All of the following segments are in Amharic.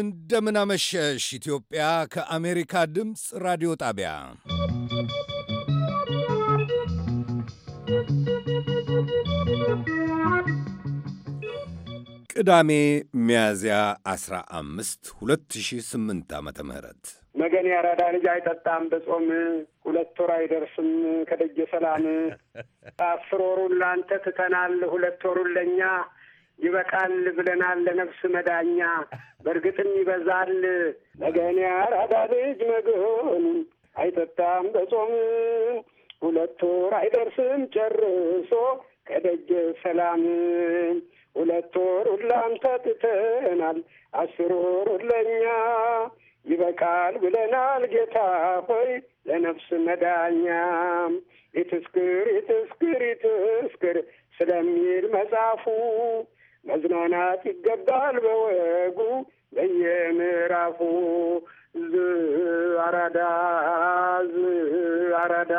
እንደምናመሸሽ ኢትዮጵያ ከአሜሪካ ድምፅ ራዲዮ ጣቢያ ቅዳሜ ሚያዝያ 15 2008 ዓ ም መገን ያራዳ ልጅ አይጠጣም በጾም ሁለት ወር አይደርስም ከደጀ ሰላም አስር ወሩን ለአንተ ትተናል ሁለት ወሩን ለእኛ ይበቃል ብለናል ለነፍስ መዳኛ በእርግጥም ይበዛል መገን ያራዳ ልጅ መገን አይጠጣም በጾም ሁለት ወር አይደርስም ጨርሶ ከደጀ ሰላም ሁለት ወሩን ለአንተ ትተናል አስር ወሩን ለእኛ ይበቃል ብለናል ጌታ ሆይ ለነፍስ መዳኛም ይትስክር ይትስክር ይትስክር ስለሚል መጽሐፉ መዝናናት ይገባል በወጉ በየምዕራፉ አራዳ አራዳ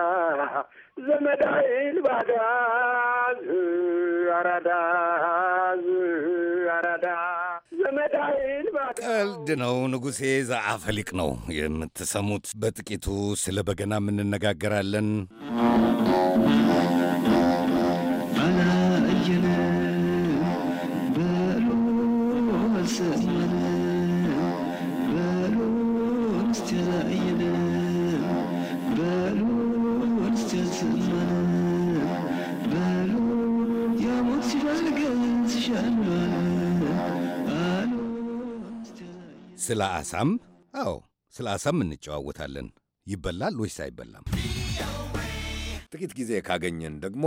ባዳ አራዳ አራዳ ቀልድ ነው ንጉሴ ዘአፈሊቅ ነው የምትሰሙት። በጥቂቱ ስለ በገናም እንነጋገራለን። ስለ አሳም? አዎ፣ ስለ አሳም እንጨዋወታለን። ይበላል ወይስ አይበላም? ጥቂት ጊዜ ካገኘን ደግሞ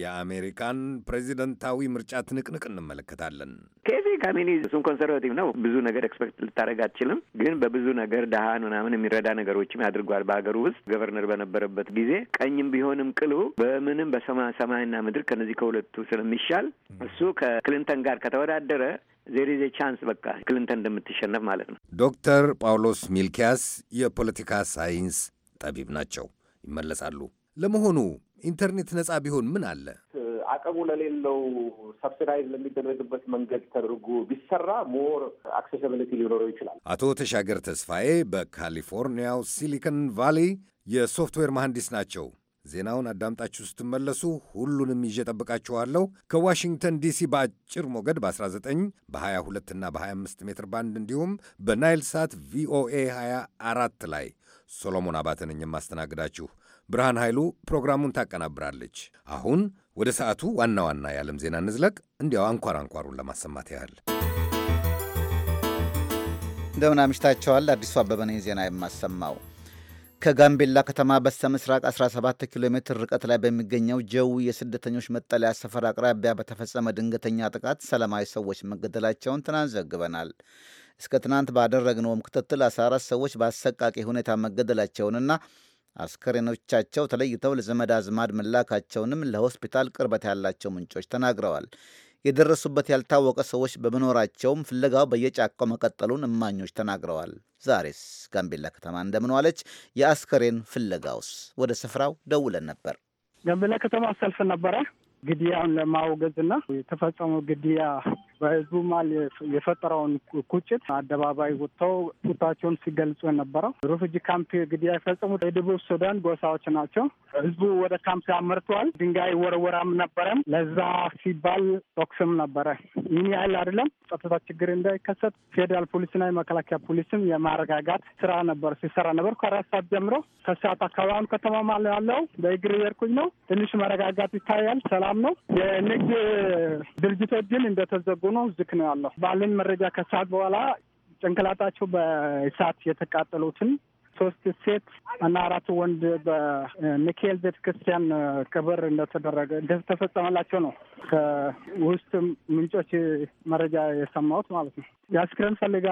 የአሜሪካን ፕሬዚደንታዊ ምርጫ ትንቅንቅ እንመለከታለን። ኬዚ ካሚኒ እሱም ኮንሰርቫቲቭ ነው። ብዙ ነገር ኤክስፐክት ልታደረግ አትችልም። ግን በብዙ ነገር ድሃን ምናምን የሚረዳ ነገሮችም ያድርጓል። በሀገሩ ውስጥ ገቨርነር በነበረበት ጊዜ ቀኝም ቢሆንም ቅሉ በምንም በሰማይና ምድር ከነዚህ ከሁለቱ ስለሚሻል እሱ ከክሊንተን ጋር ከተወዳደረ ዜሪዜ ቻንስ በቃ ክሊንተን እንደምትሸነፍ ማለት ነው። ዶክተር ጳውሎስ ሚልኪያስ የፖለቲካ ሳይንስ ጠቢብ ናቸው። ይመለሳሉ። ለመሆኑ ኢንተርኔት ነጻ ቢሆን ምን አለ? አቅሙ ለሌለው ሰብሲዳይዝ ለሚደረግበት መንገድ ተደርጎ ቢሰራ ሞር አክሴሲብሊቲ ሊኖረው ይችላል። አቶ ተሻገር ተስፋዬ በካሊፎርኒያው ሲሊከን ቫሊ የሶፍትዌር መሐንዲስ ናቸው። ዜናውን አዳምጣችሁ ስትመለሱ ሁሉንም ይዤ ጠብቃችኋለሁ። ከዋሽንግተን ዲሲ በአጭር ሞገድ በ19 በ22 እና በ25 ሜትር ባንድ እንዲሁም በናይል ሳት ቪኦኤ 24 ላይ ሶሎሞን አባተ ነኝ የማስተናግዳችሁ። ብርሃን ኃይሉ ፕሮግራሙን ታቀናብራለች። አሁን ወደ ሰዓቱ ዋና ዋና የዓለም ዜና እንዝለቅ። እንዲያው አንኳር አንኳሩን ለማሰማት ያህል እንደምን አምሽታቸዋል። አዲሱ አበበ ነኝ ዜና የማሰማው። ከጋምቤላ ከተማ በስተ ምስራቅ 17 ኪሎ ሜትር ርቀት ላይ በሚገኘው ጀዊ የስደተኞች መጠለያ ሰፈር አቅራቢያ በተፈጸመ ድንገተኛ ጥቃት ሰላማዊ ሰዎች መገደላቸውን ትናንት ዘግበናል። እስከ ትናንት ባደረግነውም ክትትል 14 ሰዎች በአሰቃቂ ሁኔታ መገደላቸውንና አስከሬኖቻቸው ተለይተው ለዘመድ አዝማድ መላካቸውንም ለሆስፒታል ቅርበት ያላቸው ምንጮች ተናግረዋል። የደረሱበት ያልታወቀ ሰዎች በመኖራቸውም ፍለጋው በየጫካው መቀጠሉን እማኞች ተናግረዋል። ዛሬስ ጋምቤላ ከተማ እንደምንዋለች ዋለች? የአስከሬን ፍለጋውስ? ወደ ስፍራው ደውለን ነበር። ጋምቤላ ከተማ ሰልፍ ነበረ ግድያውን ለማውገዝ የተፈጸመው ግድያ በህዝቡ ማል የፈጠረውን ቁጭት አደባባይ ወጥተው ቁጣቸውን ሲገልጹ የነበረው ሩፍጂ ካምፕ ግድያ የፈጸሙት የደቡብ ሱዳን ጎሳዎች ናቸው። ህዝቡ ወደ ካምፕ አመርተዋል። ድንጋይ ወረወራም ነበረም። ለዛ ሲባል ቶክስም ነበረ። ይህን ያህል አይደለም። ጸጥታ ችግር እንዳይከሰት ፌዴራል ፖሊስና የመከላከያ ፖሊስም የማረጋጋት ስራ ነበር ሲሰራ ነበር። ከአራት ሰዓት ጀምሮ ከሰዓት አካባቢውን ከተማ ማለ ያለው በእግር የርኩኝ ነው። ትንሽ መረጋጋት ይታያል። ሰላም ነው። የንግድ ድርጅቶች ግን እንደተዘጉ እየተጠጉ ነው። ዝክ ነው ያለው ባለን መረጃ ከሰዓት በኋላ ጭንቅላታቸው በእሳት የተቃጠሉትን ሶስት ሴት እና አራት ወንድ በሚካኤል ቤተክርስቲያን ቅብር እንደተደረገ እንደተፈጸመላቸው ነው ከውስጥ ምንጮች መረጃ የሰማሁት ማለት ነው። የአስክሬን ፍለጋ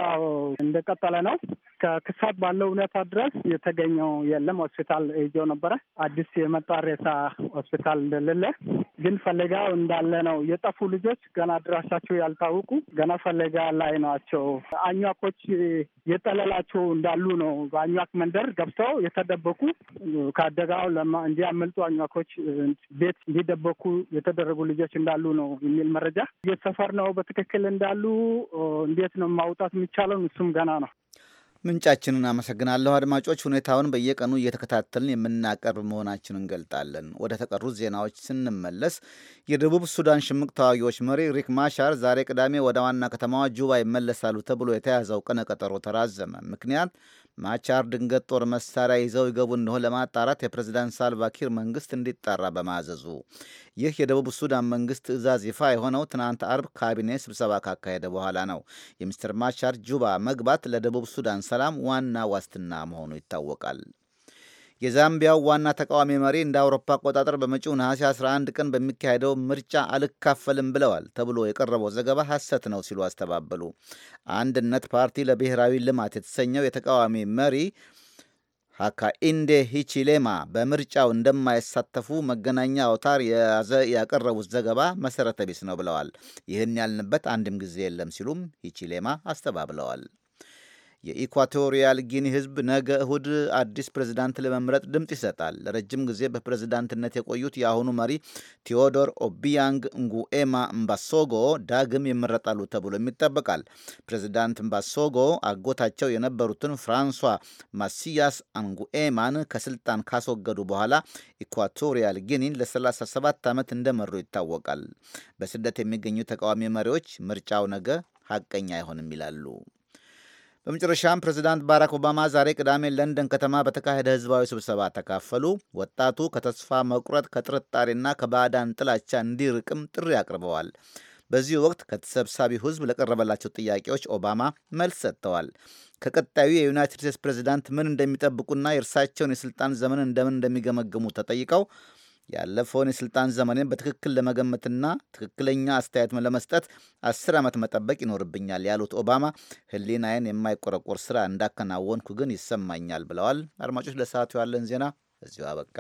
እንደቀጠለ ነው። ከክሳት ባለው ሁኔታ ድረስ የተገኘው የለም። ሆስፒታል ይዘው ነበረ። አዲስ የመጣ ሬሳ ሆስፒታል እንደሌለ ግን ፍለጋ እንዳለ ነው። የጠፉ ልጆች ገና ድራሻቸው ያልታወቁ ገና ፍለጋ ላይ ናቸው። አኟኮች የጠለላቸው እንዳሉ ነው። በአኟክ መንደር ገብተው የተደበቁ ከአደጋው እንዲያመልጡ አኟኮች ቤት እንዲደበቁ የተደረጉ ልጆች እንዳሉ ነው የሚል መረጃ እየሰፈር ነው በትክክል እንዳሉ እንዴት ነው ማውጣት የሚቻለን? እሱም ገና ነው። ምንጫችንን አመሰግናለሁ። አድማጮች ሁኔታውን በየቀኑ እየተከታተልን የምናቀርብ መሆናችን እንገልጣለን። ወደ ተቀሩት ዜናዎች ስንመለስ የደቡብ ሱዳን ሽምቅ ተዋጊዎች መሪ ሪክ ማሻር ዛሬ ቅዳሜ ወደ ዋና ከተማዋ ጁባ ይመለሳሉ ተብሎ የተያዘው ቀነ ቀጠሮ ተራዘመ። ምክንያት ማቻር ድንገት ጦር መሳሪያ ይዘው ይገቡ እንደሆን ለማጣራት የፕሬዝዳንት ሳልቫኪር መንግስት እንዲጣራ በማዘዙ ይህ የደቡብ ሱዳን መንግስት ትዕዛዝ ይፋ የሆነው ትናንት አርብ ካቢኔ ስብሰባ ካካሄደ በኋላ ነው። የሚስተር ማቻር ጁባ መግባት ለደቡብ ሱዳን ሰላም ዋና ዋስትና መሆኑ ይታወቃል። የዛምቢያው ዋና ተቃዋሚ መሪ እንደ አውሮፓ አቆጣጠር በመጪው ነሐሴ 11 ቀን በሚካሄደው ምርጫ አልካፈልም ብለዋል ተብሎ የቀረበው ዘገባ ሐሰት ነው ሲሉ አስተባበሉ። አንድነት ፓርቲ ለብሔራዊ ልማት የተሰኘው የተቃዋሚ መሪ ሀካኢንዴ ሂቺሌማ በምርጫው እንደማይሳተፉ መገናኛ አውታር የያዘ ያቀረቡት ዘገባ መሰረተ ቢስ ነው ብለዋል። ይህን ያልንበት አንድም ጊዜ የለም ሲሉም ሂቺሌማ አስተባብለዋል። የኢኳቶሪያል ጊኒ ህዝብ ነገ እሁድ አዲስ ፕሬዝዳንት ለመምረጥ ድምፅ ይሰጣል። ለረጅም ጊዜ በፕሬዝዳንትነት የቆዩት የአሁኑ መሪ ቴዎዶር ኦቢያንግ ንጉኤማ እምባሶጎ ዳግም ይመረጣሉ ተብሎም ይጠበቃል። ፕሬዝዳንት እምባሶጎ አጎታቸው የነበሩትን ፍራንሷ ማሲያስ አንጉኤማን ከስልጣን ካስወገዱ በኋላ ኢኳቶሪያል ጊኒን ለ37 ዓመት እንደመሩ ይታወቃል። በስደት የሚገኙ ተቃዋሚ መሪዎች ምርጫው ነገ ሀቀኛ አይሆንም ይላሉ። በመጨረሻም ፕሬዚዳንት ባራክ ኦባማ ዛሬ ቅዳሜ ለንደን ከተማ በተካሄደ ህዝባዊ ስብሰባ ተካፈሉ። ወጣቱ ከተስፋ መቁረጥ ከጥርጣሬና ከባዕዳን ጥላቻ እንዲርቅም ጥሪ አቅርበዋል። በዚህ ወቅት ከተሰብሳቢው ህዝብ ለቀረበላቸው ጥያቄዎች ኦባማ መልስ ሰጥተዋል። ከቀጣዩ የዩናይትድ ስቴትስ ፕሬዚዳንት ምን እንደሚጠብቁና የእርሳቸውን የስልጣን ዘመን እንደምን እንደሚገመግሙ ተጠይቀው ያለፈውን የስልጣን ዘመኔን በትክክል ለመገመትና ትክክለኛ አስተያየት ለመስጠት አስር ዓመት መጠበቅ ይኖርብኛል ያሉት ኦባማ ሕሊናዬን የማይቆረቆር ስራ እንዳከናወንኩ ግን ይሰማኛል ብለዋል። አድማጮች፣ ለሰዓቱ ያለን ዜና እዚሁ አበቃ።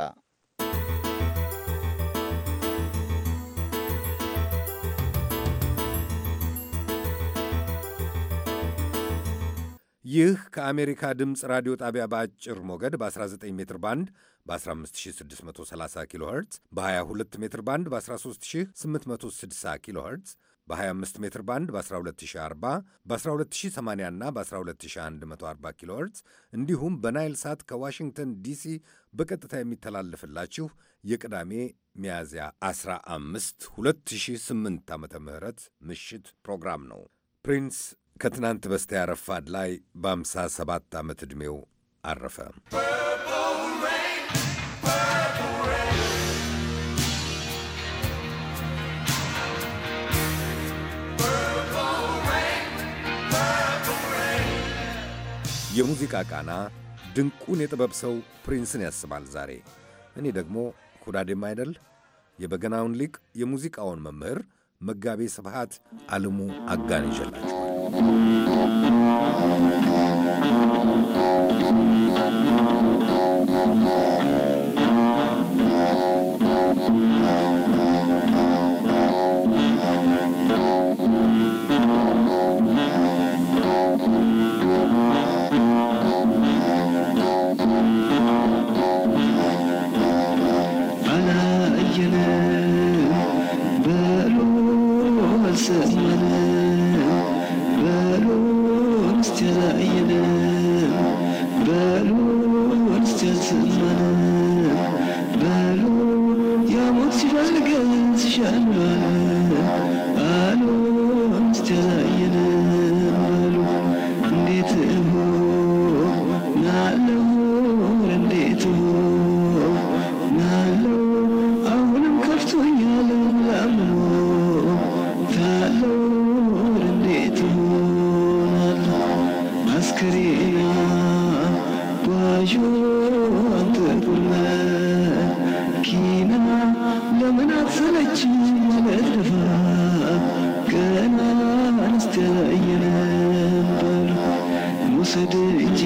ይህ ከአሜሪካ ድምፅ ራዲዮ ጣቢያ በአጭር ሞገድ በ19 ሜትር ባንድ በ15630 ኪሎ ኸርትዝ በ22 ሜትር ባንድ በ13860 ኪሎ ኸርትዝ በ25 ሜትር ባንድ በ12040 በ12080 እና በ12140 ኪሎ ኸርትዝ እንዲሁም በናይል ሳት ከዋሽንግተን ዲሲ በቀጥታ የሚተላለፍላችሁ የቅዳሜ ሚያዝያ 15 2008 ዓ ም ምሽት ፕሮግራም ነው። ፕሪንስ ከትናንት በስቲያ ረፋድ ላይ በ57 ዓመት ዕድሜው አረፈ። የሙዚቃ ቃና ድንቁን የጥበብ ሰው ፕሪንስን ያስባል ዛሬ። እኔ ደግሞ ኩዳዴም አይደል የበገናውን ሊቅ የሙዚቃውን መምህር መጋቤ ስብሐት ዓለሙ አጋን ይዤላችሁ Thank you. አሽወትቁና ኪና ለምን አትሰለች ማለት ደፋ ገና አንስተ እየነበር ሙሰድ እጅ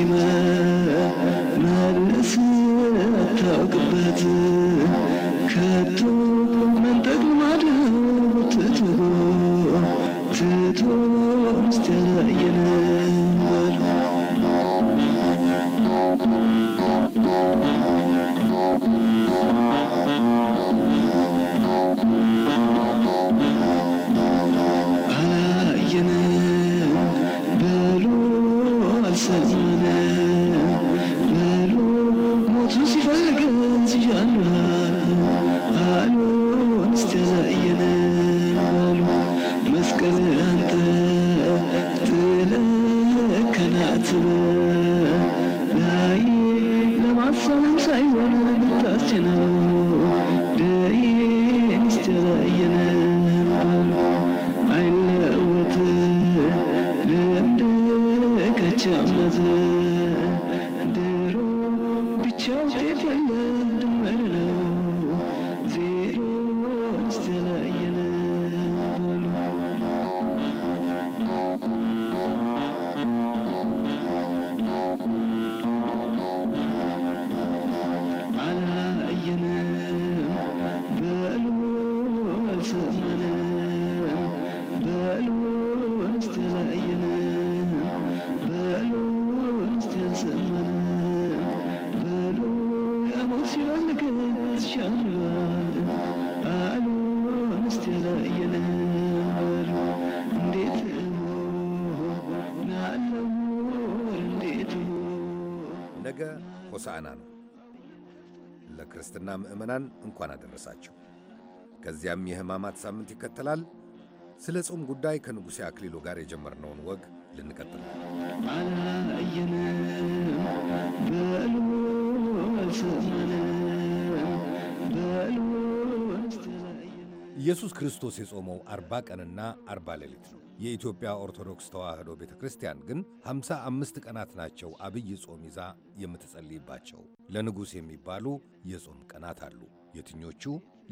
ነገ ሆሳዕና ነው። ለክርስትና ምዕመናን እንኳን አደረሳቸው። ከዚያም የሕማማት ሳምንት ይከተላል። ስለ ጾም ጉዳይ ከንጉሴ አክሊሉ ጋር የጀመርነውን ወግ ልንቀጥል አላየነ በሉ ሰማነ በሉ ኢየሱስ ክርስቶስ የጾመው አርባ ቀንና አርባ ሌሊት ነው። የኢትዮጵያ ኦርቶዶክስ ተዋሕዶ ቤተ ክርስቲያን ግን ሃምሳ አምስት ቀናት ናቸው አብይ ጾም ይዛ የምትጸልይባቸው። ለንጉሥ የሚባሉ የጾም ቀናት አሉ። የትኞቹ?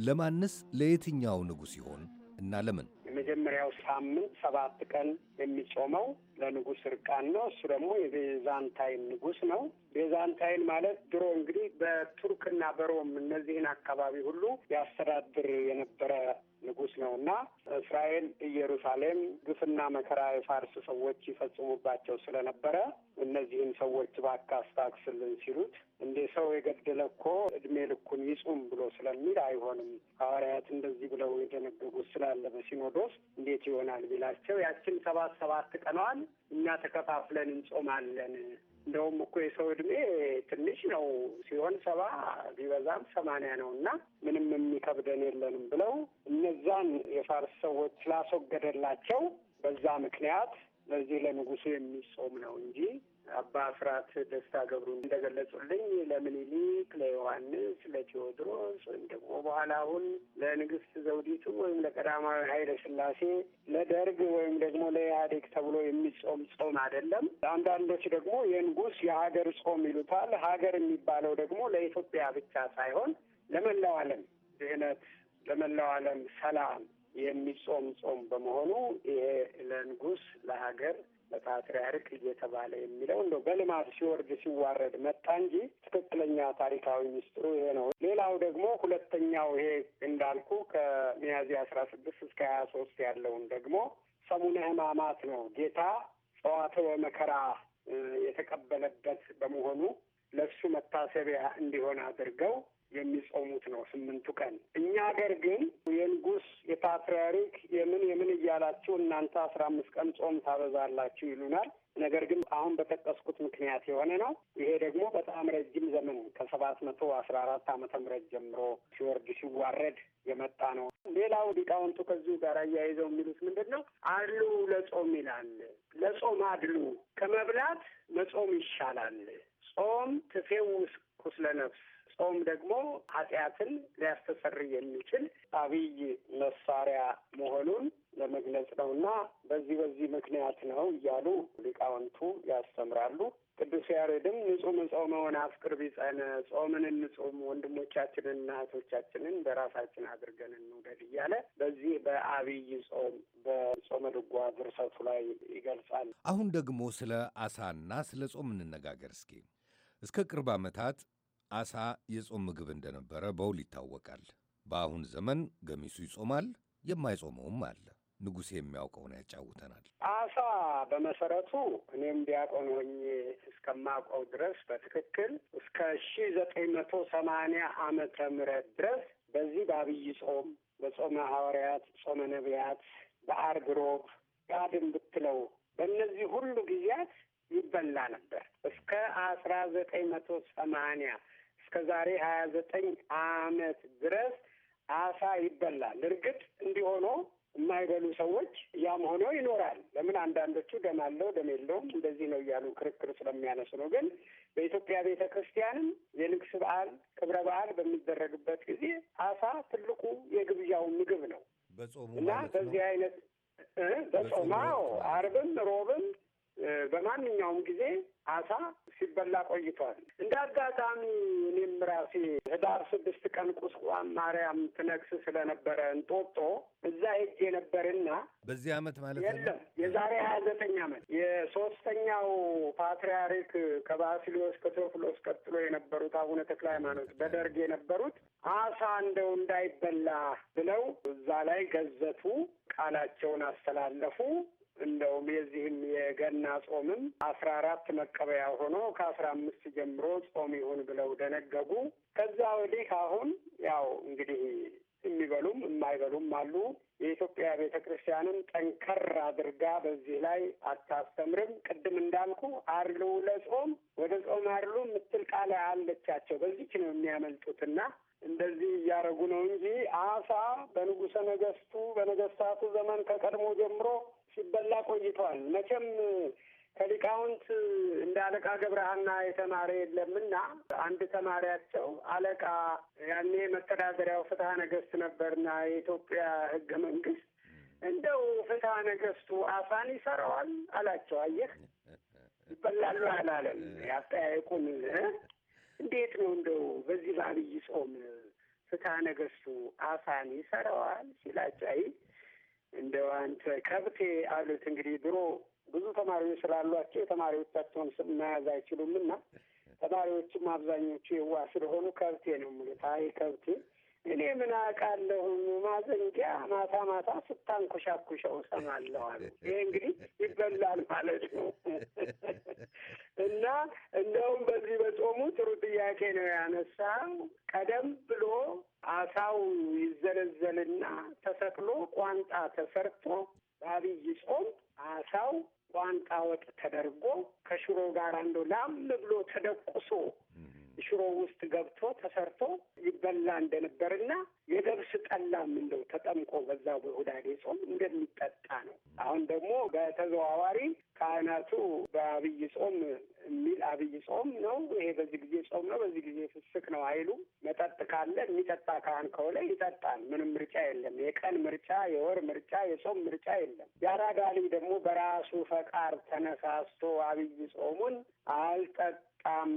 ለማንስ ለየትኛው ንጉሥ ይሆን እና ለምን? የመጀመሪያው ሳምንት ሰባት ቀን የሚጾመው ለንጉስ እርቃን ነው። እሱ ደግሞ የቤዛንታይን ንጉስ ነው። ቤዛንታይን ማለት ድሮ እንግዲህ በቱርክና በሮም እነዚህን አካባቢ ሁሉ ያስተዳድር የነበረ ንጉስ ነው እና እስራኤል ኢየሩሳሌም ግፍና መከራ የፋርስ ሰዎች ይፈጽሙባቸው ስለነበረ እነዚህን ሰዎች እባክህ አስታክስልን ሲሉት እንደ ሰው የገደለ እኮ እድሜ ልኩን ይጹም ብሎ ስለሚል አይሆንም፣ ሐዋርያት እንደዚህ ብለው የደነገጉት ስላለ በሲኖዶስ እንዴት ይሆናል ቢላቸው ያችን ሰባት ሰባት ቀኗን እኛ ተከፋፍለን እንጾማለን። እንደውም እኮ የሰው እድሜ ትንሽ ነው ሲሆን ሰባ ቢበዛም ሰማንያ ነው እና ምንም የሚከብደን የለንም ብለው እነዛን የፋርስ ሰዎች ስላስወገደላቸው በዛ ምክንያት ለዚህ ለንጉሱ የሚጾም ነው እንጂ አባ ፍራት ደስታ ገብሩ እንደገለጹልኝ ለምኒልክ፣ ለዮሐንስ፣ ለቴዎድሮስ ወይም ደግሞ በኋላ አሁን ለንግስት ዘውዲቱ ወይም ለቀዳማዊ ኃይለ ሥላሴ ለደርግ ወይም ደግሞ ለኢህአዴግ ተብሎ የሚጾም ጾም አይደለም። አንዳንዶች ደግሞ የንጉስ የሀገር ጾም ይሉታል። ሀገር የሚባለው ደግሞ ለኢትዮጵያ ብቻ ሳይሆን ለመላው ዓለም ድህነት፣ ለመላው ዓለም ሰላም የሚጾም ጾም በመሆኑ ይሄ ለንጉስ ለሀገር ፓትሪያርክ እየተባለ የሚለው እንደ በልማት ሲወርድ ሲዋረድ መጣ እንጂ ትክክለኛ ታሪካዊ ሚስጥሩ ይሄ ነው። ሌላው ደግሞ ሁለተኛው ይሄ እንዳልኩ ከሚያዝያ አስራ ስድስት እስከ ሀያ ሶስት ያለውን ደግሞ ሰሙነ ሕማማት ነው ጌታ ጸዋትወ መከራ የተቀበለበት በመሆኑ ለእሱ መታሰቢያ እንዲሆን አድርገው የሚጾሙት ነው ስምንቱ ቀን። እኛ ሀገር ግን የንጉስ የፓትርያርክ የምን የምን እያላችሁ እናንተ አስራ አምስት ቀን ጾም ታበዛላችሁ ይሉናል። ነገር ግን አሁን በጠቀስኩት ምክንያት የሆነ ነው። ይሄ ደግሞ በጣም ረጅም ዘመን ከሰባት መቶ አስራ አራት ዓመተ ምህረት ጀምሮ ሲወርድ ሲዋረድ የመጣ ነው። ሌላው ሊቃውንቱ ከዚሁ ጋር አያይዘው የሚሉት ምንድን ነው? አድሉ ለጾም ይላል። ለጾም አድሉ ከመብላት መጾም ይሻላል። ጾም ትፌውስ ኩስለ ነፍስ ጾም ደግሞ ኃጢአትን ሊያስተሰር የሚችል አብይ መሳሪያ መሆኑን ለመግለጽ ነው እና በዚህ በዚህ ምክንያት ነው እያሉ ሊቃውንቱ ያስተምራሉ። ቅዱስ ያሬድም ንጹህ መጾመ አፍቅር ቢጸነ ጾምን እንጹም ወንድሞቻችንን እህቶቻችንን በራሳችን አድርገን እንውደድ እያለ በዚህ በአብይ ጾም በጾመ ድጓ ድርሰቱ ላይ ይገልጻል። አሁን ደግሞ ስለ አሳና ስለ ጾም እንነጋገር እስኪ። እስከ ቅርብ ዓመታት አሳ የጾም ምግብ እንደነበረ በውል ይታወቃል። በአሁን ዘመን ገሚሱ ይጾማል፣ የማይጾመውም አለ። ንጉሴ የሚያውቀውን ያጫውተናል። አሳ በመሰረቱ እኔም ዲያቆን ሆኜ እስከማውቀው ድረስ በትክክል እስከ ሺ ዘጠኝ መቶ ሰማንያ አመተ ምህረት ድረስ በዚህ በአብይ ጾም፣ በጾመ ሐዋርያት፣ ጾመ ነቢያት፣ በአርብ ሮብ፣ ጋድም ብትለው በእነዚህ ሁሉ ጊዜያት ይበላ ነበር እስከ አስራ ዘጠኝ መቶ ሰማንያ እስከ ዛሬ ሀያ ዘጠኝ አመት ድረስ አሳ ይበላል። እርግጥ እንዲሆኖ የማይበሉ ሰዎች ያም ሆኖ ይኖራል። ለምን አንዳንዶቹ ደም አለው ደም የለውም እንደዚህ ነው እያሉ ክርክር ስለሚያነሱ ነው። ግን በኢትዮጵያ ቤተ ክርስቲያንም የንግስ በዓል ክብረ በዓል በሚደረግበት ጊዜ አሳ ትልቁ የግብዣው ምግብ ነው እና በዚህ አይነት በጾማው አርብም ሮብም በማንኛውም ጊዜ አሳ ሲበላ ቆይቷል። እንደ አጋጣሚ እኔም ራሴ ህዳር ስድስት ቀን ቁስቋም ማርያም ትነግስ ስለነበረ እንጦጦ እዛ ሄጄ ነበርና በዚህ አመት ማለት የለም የዛሬ ሀያ ዘጠኝ አመት የሶስተኛው ፓትርያርክ ከባስሊዮስ ከቴዎፍሎስ ቀጥሎ የነበሩት አቡነ ተክለ ሃይማኖት በደርግ የነበሩት አሳ እንደው እንዳይበላ ብለው እዛ ላይ ገዘቱ፣ ቃላቸውን አስተላለፉ። እንደውም የዚህም የገና ጾምም አስራ አራት መቀበያ ሆኖ ከአስራ አምስት ጀምሮ ጾም ይሁን ብለው ደነገጉ። ከዛ ወዲህ አሁን ያው እንግዲህ የሚበሉም የማይበሉም አሉ። የኢትዮጵያ ቤተ ክርስቲያንም ጠንከር አድርጋ በዚህ ላይ አታስተምርም። ቅድም እንዳልኩ አድሉ ለጾም ወደ ጾም አርሉ የምትል ቃል አለቻቸው። በዚች ነው የሚያመልጡትና እንደዚህ እያደረጉ ነው እንጂ አሳ በንጉሰ ነገስቱ በነገስታቱ ዘመን ከቀድሞ ጀምሮ ሲበላ ቆይተዋል። መቼም ከሊቃውንት እንደ አለቃ ገብረሃና የተማረ የለምና አንድ ተማሪያቸው አለቃ ያኔ መተዳደሪያው ፍትሐ ነገስት ነበርና የኢትዮጵያ ህገ መንግስት እንደው ፍትሐ ነገስቱ አፋን ይሰራዋል አላቸው። አየህ ይበላሉ አላለም። ያጠያየቁን እንዴት ነው እንደው በዚህ በአብይ ጾም ፍትሐ ነገስቱ አፋን ይሰራዋል ሲላቸው አይ እንደው አንተ ከብቴ አሉት። እንግዲህ ድሮ ብዙ ተማሪዎች ስላሏቸው የተማሪዎቻቸውን ስም መያዝ አይችሉም እና ተማሪዎችም አብዛኞቹ የዋ ስለሆኑ ከብቴ ነው የሚሉት። አይ ከብቴ እኔ ምን አውቃለሁ፣ ማዘንጊያ ማታ ማታ ስታንኮሻኩሸው እሰማለሁ አሉ። ይሄ እንግዲህ ይበላል ማለት ነው። እና እንደውም በዚህ በጾሙ ጥሩ ጥያቄ ነው ያነሳው። ቀደም ብሎ አሳው ይዘለዘልና ተሰቅሎ ቋንጣ ተሰርቶ በአብይ ጾም አሳው ቋንጣ ወጥ ተደርጎ ከሽሮ ጋር አንዶ ላም ብሎ ተደቁሶ ሽሮ ውስጥ ገብቶ ተሰርቶ ይበላ እንደነበርና የገብስ ጠላም እንደው ተጠምቆ በዛ በሁዳዴ ጾም እንደሚጠጣ ነው። አሁን ደግሞ በተዘዋዋሪ ካህናቱ በአብይ ጾም የሚል አብይ ጾም ነው ይሄ በዚህ ጊዜ ጾም ነው፣ በዚህ ጊዜ ፍስክ ነው አይሉ መጠጥ ካለ የሚጠጣ ካህን ከሆነ ይጠጣል። ምንም ምርጫ የለም። የቀን ምርጫ፣ የወር ምርጫ፣ የጾም ምርጫ የለም። ያራዳሊ ደግሞ በራሱ ፈቃድ ተነሳስቶ አብይ ጾሙን አልጠጥ በጣም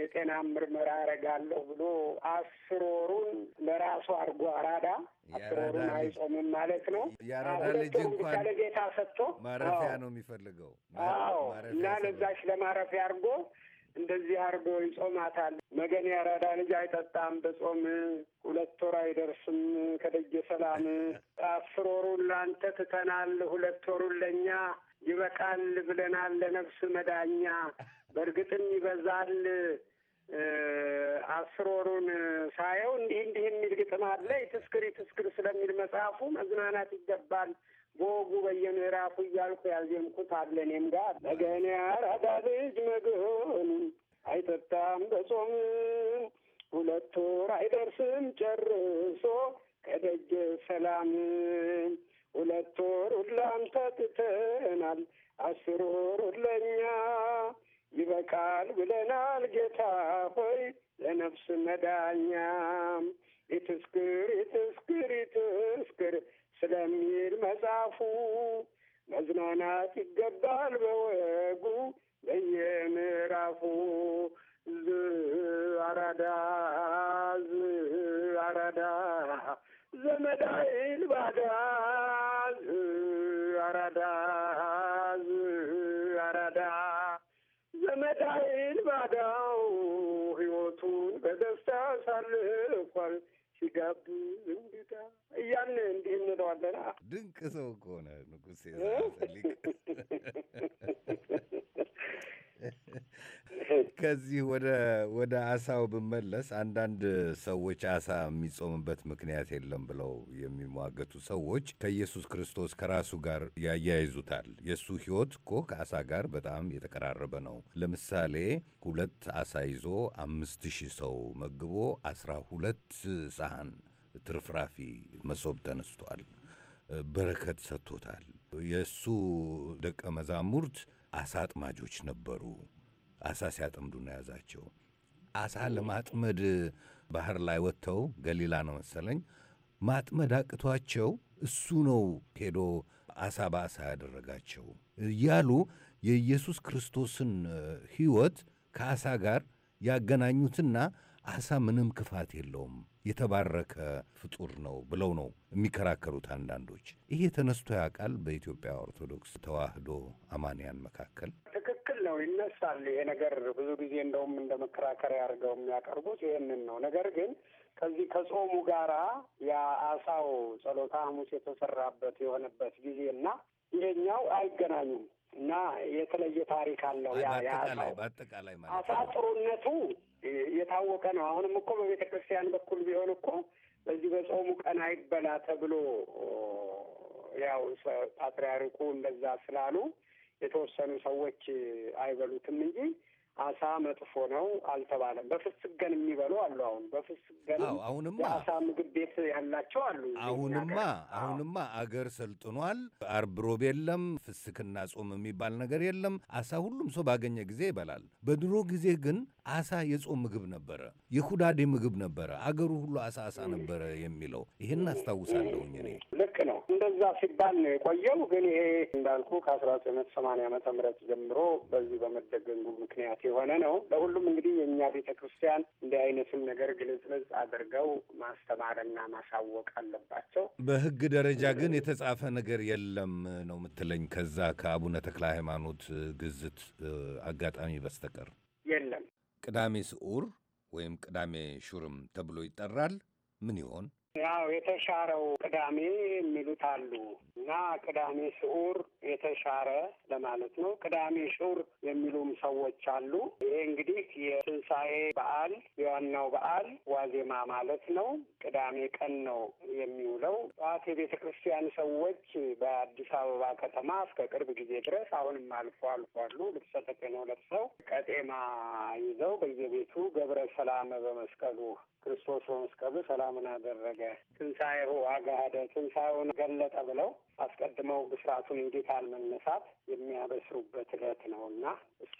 የጤና ምርመራ አረጋለሁ ብሎ አስር ወሩን ለራሱ አድርጎ አራዳ አስር ወሩን አይጾምም ማለት ነው። የአራዳ ልጅ እንኳን ለጌታ ሰጥቶ ማረፊያ ነው የሚፈልገው። አዎ እና ለዛች ለማረፊያ አድርጎ እንደዚህ አድርጎ ይጾማታል። መገን ያራዳ ልጅ አይጠጣም በጾም ሁለት ወር አይደርስም ከደጀ ሰላም። አስር ወሩን ለአንተ ትተናል፣ ሁለት ወሩን ለእኛ ይበቃል ብለናል ለነፍስ መዳኛ። በእርግጥም ይበዛል አስሮሩን ሳየው እንዲህ እንዲህ የሚል ግጥም አለ። ይትስክር ይትስክር ስለሚል መጽሐፉ መዝናናት ይገባል በወጉ በየምዕራፉ እያልኩ ያዜምኩት አለ። እኔም ጋር ነገን ያራዳ ልጅ መግሆን አይጠጣም በጾም ሁለት ወር አይደርስም ጨርሶ ከደጀ ሰላም ሁለት ወሩን ላንተ ትተናል፣ አስር ወሩን ለእኛ ይበቃል ብለናል ጌታ ሆይ ለነፍስ መዳኛ። ይትስክር ይትስክር ይትስክር ስለሚል መጽሐፉ መዝናናት ይገባል በወጉ በየምዕራፉ ዝ አራዳ ዝ አራዳ ዘመዳይል ባዳ አራዳ አራዳ ዘመዳይን ባዳው ሕይወቱን በደስታ ሳልፏል ሲጋብዝ እንግዳ እያን እንዲህ እንለዋለና። ድንቅ ሰው ከሆነ ንጉሴ ከዚህ ወደ አሳው ብመለስ አንዳንድ ሰዎች አሳ የሚጾምበት ምክንያት የለም ብለው የሚሟገቱ ሰዎች ከኢየሱስ ክርስቶስ ከራሱ ጋር ያያይዙታል። የእሱ ሕይወት እኮ ከአሳ ጋር በጣም የተቀራረበ ነው። ለምሳሌ ሁለት አሳ ይዞ አምስት ሺህ ሰው መግቦ አስራ ሁለት ሰሃን ትርፍራፊ መሶብ ተነስቷል። በረከት ሰጥቶታል። የእሱ ደቀ መዛሙርት አሳ አጥማጆች ነበሩ። አሳ ሲያጠምዱ ነው ያዛቸው። አሳ ለማጥመድ ባህር ላይ ወጥተው ገሊላ ነው መሰለኝ ማጥመድ አቅቷቸው እሱ ነው ሄዶ አሳ በአሳ ያደረጋቸው እያሉ የኢየሱስ ክርስቶስን ሕይወት ከአሳ ጋር ያገናኙትና አሳ ምንም ክፋት የለውም የተባረከ ፍጡር ነው ብለው ነው የሚከራከሩት አንዳንዶች። ይሄ ተነስቶ ያውቃል በኢትዮጵያ ኦርቶዶክስ ተዋህዶ አማንያን መካከል? ትክክል ነው፣ ይነሳል ይሄ ነገር። ብዙ ጊዜ እንደውም እንደ መከራከሪያ አድርገው የሚያቀርቡት ይህንን ነው። ነገር ግን ከዚህ ከጾሙ ጋራ የአሳው ጸሎተ ሐሙስ የተሰራበት የሆነበት ጊዜ እና ይሄኛው አይገናኙም እና የተለየ ታሪክ አለው። ያ አሳ ጥሩነቱ የታወቀ ነው። አሁንም እኮ በቤተ ክርስቲያን በኩል ቢሆን እኮ በዚህ በጾሙ ቀን አይበላ ተብሎ ያው ፓትርያርኩ እንደዛ ስላሉ የተወሰኑ ሰዎች አይበሉትም እንጂ አሳ መጥፎ ነው አልተባለም። በፍስገን የሚበሉ አሉ። አሁን ገን አሁንማ የአሳ ምግብ ቤት ያላቸው አሉ። አሁንማ አሁንማ አገር ሰልጥኗል። አርብሮብ የለም፣ ፍስክና ጾም የሚባል ነገር የለም። አሳ ሁሉም ሰው ባገኘ ጊዜ ይበላል። በድሮ ጊዜ ግን አሳ የጾም ምግብ ነበረ፣ የሁዳዴ ምግብ ነበረ፣ አገሩ ሁሉ አሳ አሳ ነበረ የሚለው ይህን አስታውሳለሁኝ እኔ። ልክ ነው። እንደዛ ሲባል ነው የቆየው። ግን ይሄ እንዳልኩ ከአስራ ዘጠኝ መቶ ሰማንያ ዓመተ ምህረት ጀምሮ በዚህ በመደገንጉ ምክንያት የሆነ ነው። ለሁሉም እንግዲህ የእኛ ቤተ ክርስቲያን እንዲህ አይነትን ነገር ግልጽልጽ አድርገው ማስተማርና ማሳወቅ አለባቸው። በህግ ደረጃ ግን የተጻፈ ነገር የለም ነው የምትለኝ ከዛ ከአቡነ ተክለ ሃይማኖት ግዝት አጋጣሚ በስተቀር የለም። ቅዳሜ ስዑር ወይም ቅዳሜ ሹርም ተብሎ ይጠራል። ምን ይሆን? ያው የተሻረው ቅዳሜ የሚሉት አሉ እና ቅዳሜ ስዑር የተሻረ ለማለት ነው። ቅዳሜ ስዑር የሚሉም ሰዎች አሉ። ይሄ እንግዲህ የትንሣኤ በዓል የዋናው በዓል ዋዜማ ማለት ነው። ቅዳሜ ቀን ነው የሚውለው። ጠዋት የቤተ ክርስቲያን ሰዎች በአዲስ አበባ ከተማ እስከ ቅርብ ጊዜ ድረስ አሁንም አልፎ አልፎ አሉ ልብሰ ተክህኖ ለብሰው ቀጤማ ይዘው በየቤቱ ገብረ ሰላም በመስቀሉ ክርስቶስ በመስቀሉ ሰላምን አደረገ አደረገ፣ ትንሣኤሁ አጋሃደ ትንሣኤውን ገለጠ ብለው አስቀድመው ብስራቱን እንዴት አልመነሳት የሚያበስሩበት ዕለት ነው እና እስቲ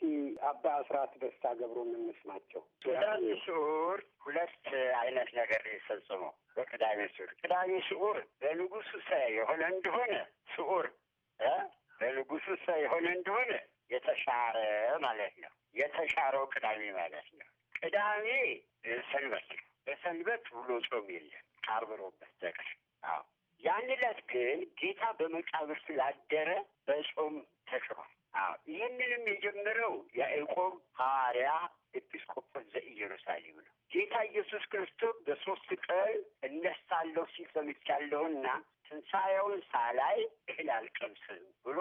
አባ አስራት ደስታ ገብሮ የምንስማቸው ቅዳሜ ስዑር ሁለት አይነት ነገር የፈጽሞ በቅዳሜ ስዑር ቅዳሜ ስዑር በንጉሱ ሰ የሆነ እንደሆነ ስዑር በንጉሱ ሰ የሆነ እንደሆነ የተሻረ ማለት ነው። የተሻረው ቅዳሜ ማለት ነው። ቅዳሜ ሰንበት ነው። በሰንበት ውሎ ጾም የለም። ከአርበሮ በስተቀር አዎ ያን ዕለት ግን ጌታ በመቃብር ስላደረ በጾም ተሽሯል። አዎ ይህንንም የጀመረው የያዕቆብ ሐዋርያ ኤጲስቆጶስ ዘኢየሩሳሌም ነው። ጌታ ኢየሱስ ክርስቶስ በሶስት ቀን እነሳለሁ ሲል ሰምቻለሁና ትንሣኤውን ሳላይ እህል አልቀምስም ብሎ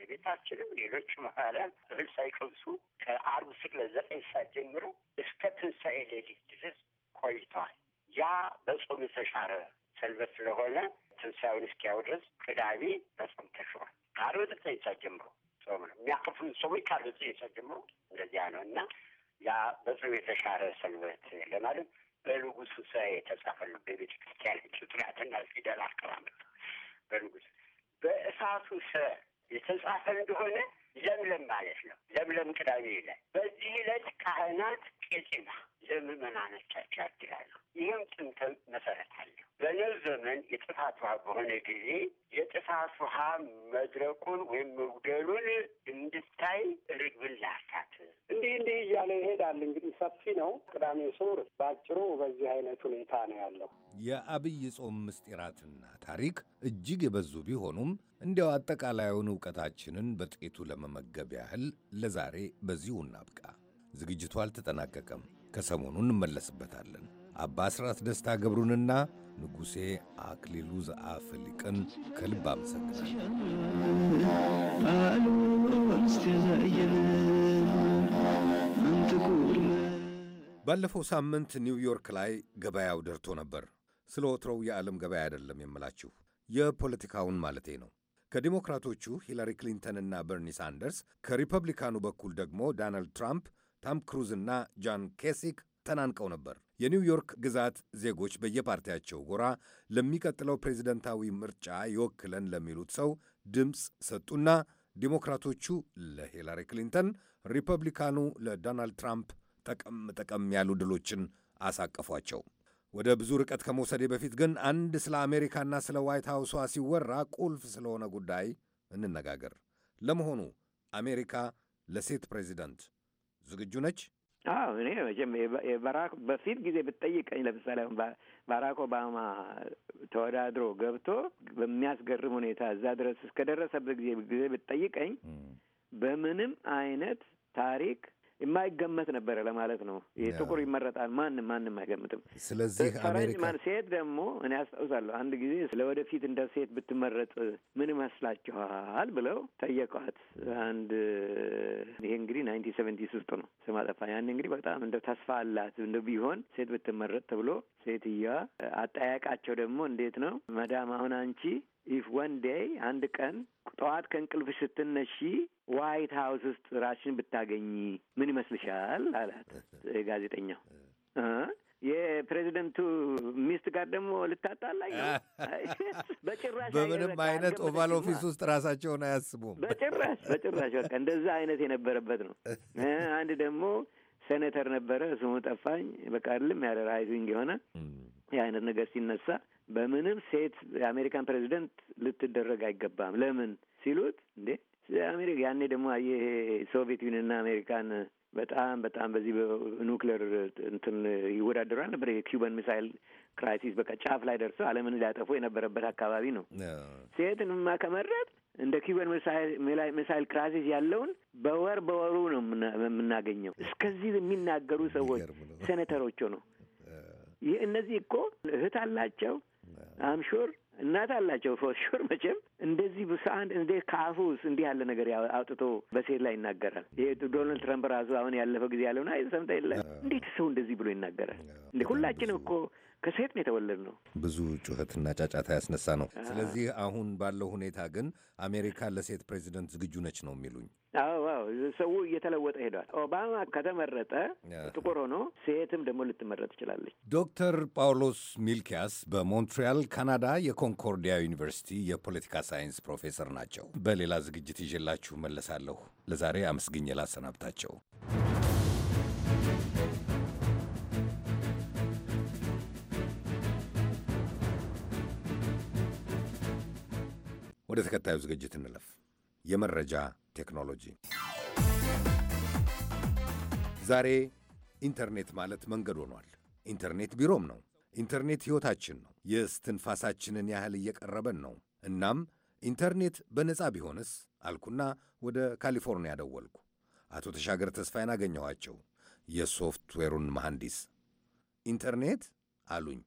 የቤታችንም ሌሎች ሐዋርያን እህል ሳይቀምሱ ከአርብ ስቅለት ዘጠኝ ሰዓት ጀምሮ እስከ ትንሣኤ ሌሊት ድረስ ቆይተዋል። ያ በጾም የተሻረ ሰንበት ስለሆነ ትንሣኤውን እስኪያው ድረስ ቅዳሜ በጾም ተሽሯል። ከአርብ ዘጠኝ ሰዓት ጀምሮ ጾም ነው የሚያቅፉን ሰዎች ከአርብ ዘጠኝ ሰዓት ጀምሮ እንደዚያ ነው እና ያ በጾም የተሻረ ሰንበት ለማለት በንጉሱ ሰ የተጻፈሉ በቤተ ክርስቲያን ጭጥራትና ፊደል አቀማመጥ በንጉስ በእሳቱ ሰ የተጻፈ እንደሆነ ለምለም ማለት ነው። ለምለም ቅዳሜ ይላል። በዚህ ዕለት ካህናት ቄጽና ለምዕመናኖቻቸው ያድላሉ። ይህም ጥንተ መሰረት አለው። በነው ዘመን የጥፋት ውሃ በሆነ ጊዜ የጥፋት ውሃ መድረቁን ወይም መጉደሉን እንድታይ ርግብን ላካት እንዲህ እንዲህ እያለ ይሄዳል። እንግዲህ ሰፊ ነው። ቅዳሜ ስዑር በአጭሩ በዚህ አይነት ሁኔታ ነው ያለው። የአብይ ጾም ምስጢራትና ታሪክ እጅግ የበዙ ቢሆኑም እንዲያው አጠቃላዩን እውቀታችንን በጥቂቱ ለመመገብ ያህል ለዛሬ በዚሁ እናብቃ። ዝግጅቱ አልተጠናቀቀም። ከሰሞኑ እንመለስበታለን። አባ ስርዓት ደስታ ገብሩንና ንጉሴ አክሊሉ ዘአፈሊቅን ከልብ አመሰግናል። ባለፈው ሳምንት ኒውዮርክ ላይ ገበያው ደርቶ ነበር። ስለ ወትሮው የዓለም ገበያ አይደለም የምላችሁ፣ የፖለቲካውን ማለቴ ነው። ከዲሞክራቶቹ ሂላሪ ክሊንተንና በርኒ ሳንደርስ፣ ከሪፐብሊካኑ በኩል ደግሞ ዳናልድ ትራምፕ ቶም ክሩዝና ጃን ኬሲክ ተናንቀው ነበር። የኒውዮርክ ግዛት ዜጎች በየፓርቲያቸው ጎራ ለሚቀጥለው ፕሬዝደንታዊ ምርጫ ይወክለን ለሚሉት ሰው ድምፅ ሰጡና ዲሞክራቶቹ ለሂላሪ ክሊንተን፣ ሪፐብሊካኑ ለዶናልድ ትራምፕ ጠቀም ጠቀም ያሉ ድሎችን አሳቀፏቸው። ወደ ብዙ ርቀት ከመውሰዴ በፊት ግን አንድ ስለ አሜሪካና ስለ ዋይት ሃውሷ ሲወራ ቁልፍ ስለሆነ ጉዳይ እንነጋገር። ለመሆኑ አሜሪካ ለሴት ፕሬዚደንት ዝግጁ ነች? አዎ እኔ መቼም የባራክ በፊት ጊዜ ብትጠይቀኝ ለምሳሌ ባራክ ኦባማ ተወዳድሮ ገብቶ በሚያስገርም ሁኔታ እዛ ድረስ እስከደረሰበት ጊዜ ጊዜ ብትጠይቀኝ በምንም አይነት ታሪክ የማይገመት ነበረ ለማለት ነው። ጥቁር ይመረጣል፣ ማንም ማንም አይገምትም። ስለዚህ አሜሪካ ሴት ደግሞ እኔ አስታውሳለሁ አንድ ጊዜ ለወደፊት እንደ ሴት ብትመረጥ ምን ይመስላችኋል ብለው ጠየቋት። አንድ ይሄ እንግዲህ ናይንቲ ሰቨንቲስ ውስጥ ነው ስም ያን እንግዲህ በጣም እንደ ተስፋ አላት እንደ ቢሆን ሴት ብትመረጥ ተብሎ ሴትየዋ አጠያቃቸው ደግሞ እንዴት ነው መዳም አሁን አንቺ ኢፍ ወን ዴይ አንድ ቀን ጠዋት ከእንቅልፍ ስትነሺ ዋይት ሀውስ ውስጥ ራስሽን ብታገኝ ምን ይመስልሻል? አላት ጋዜጠኛው። የፕሬዚደንቱ ሚስት ጋር ደግሞ ልታጣላኝ ነው። በጭራሽ በምንም አይነት ኦቫል ኦፊስ ውስጥ ራሳቸውን አያስቡም። በጭራሽ በጭራሽ። በቃ እንደዛ አይነት የነበረበት ነው። አንድ ደግሞ ሴኔተር ነበረ፣ ስሙ ጠፋኝ። በቃ ልም ያለ ራይዚንግ የሆነ የአይነት ነገር ሲነሳ በምንም ሴት የአሜሪካን ፕሬዚደንት ልትደረግ አይገባም። ለምን ሲሉት እንዴ አሜሪካ ያኔ ደግሞ ይሄ ሶቪየት ዩኒየንና አሜሪካን በጣም በጣም በዚህ በኑክሌር እንትን ይወዳደራል ነበር። የኪውበን ሚሳይል ክራይሲስ በቃ ጫፍ ላይ ደርሶ ዓለምን ሊያጠፉ የነበረበት አካባቢ ነው። ሴትንማ ከመረጥ እንደ ኪውበን ሚሳይል ክራይሲስ ያለውን በወር በወሩ ነው የምናገኘው። እስከዚህ የሚናገሩ ሰዎች ሴኔተሮቹ ነው። ይህ እነዚህ እኮ እህት አላቸው አምሹር እናት አላቸው ፎሹር መቼም እንደዚህ ብሳን እንደ ከአፉስ እንዲህ ያለ ነገር አውጥቶ በሴት ላይ ይናገራል። ይሄ ዶናልድ ትራምፕ ራሱ አሁን ያለፈው ጊዜ ያለውን አይ ሰምተህ የለ እንዴት ሰው እንደዚህ ብሎ ይናገራል? እንደ ሁላችንም እኮ ከሴት ነው የተወለድ ነው። ብዙ ጩኸትና ጫጫታ ያስነሳ ነው። ስለዚህ አሁን ባለው ሁኔታ ግን አሜሪካ ለሴት ፕሬዚደንት ዝግጁ ነች ነው የሚሉኝ? አዎ አዎ፣ ሰው እየተለወጠ ሄዷል። ኦባማ ከተመረጠ ጥቁር ሆኖ ሴትም ደግሞ ልትመረጥ ትችላለች። ዶክተር ጳውሎስ ሚልኪያስ በሞንትሪያል ካናዳ የኮንኮርዲያ ዩኒቨርሲቲ የፖለቲካ ሳይንስ ፕሮፌሰር ናቸው። በሌላ ዝግጅት ይዤላችሁ መለሳለሁ። ለዛሬ አመስግኜ ላሰናብታቸው። ወደ ተከታዩ ዝግጅት እንለፍ። የመረጃ ቴክኖሎጂ ዛሬ ኢንተርኔት ማለት መንገድ ሆኗል። ኢንተርኔት ቢሮም ነው። ኢንተርኔት ሕይወታችን ነው። የእስትንፋሳችንን ያህል እየቀረበን ነው። እናም ኢንተርኔት በነፃ ቢሆንስ አልኩና ወደ ካሊፎርኒያ ደወልኩ። አቶ ተሻገር ተስፋዬን አገኘኋቸው፣ የሶፍትዌሩን መሐንዲስ። ኢንተርኔት አሉኝ።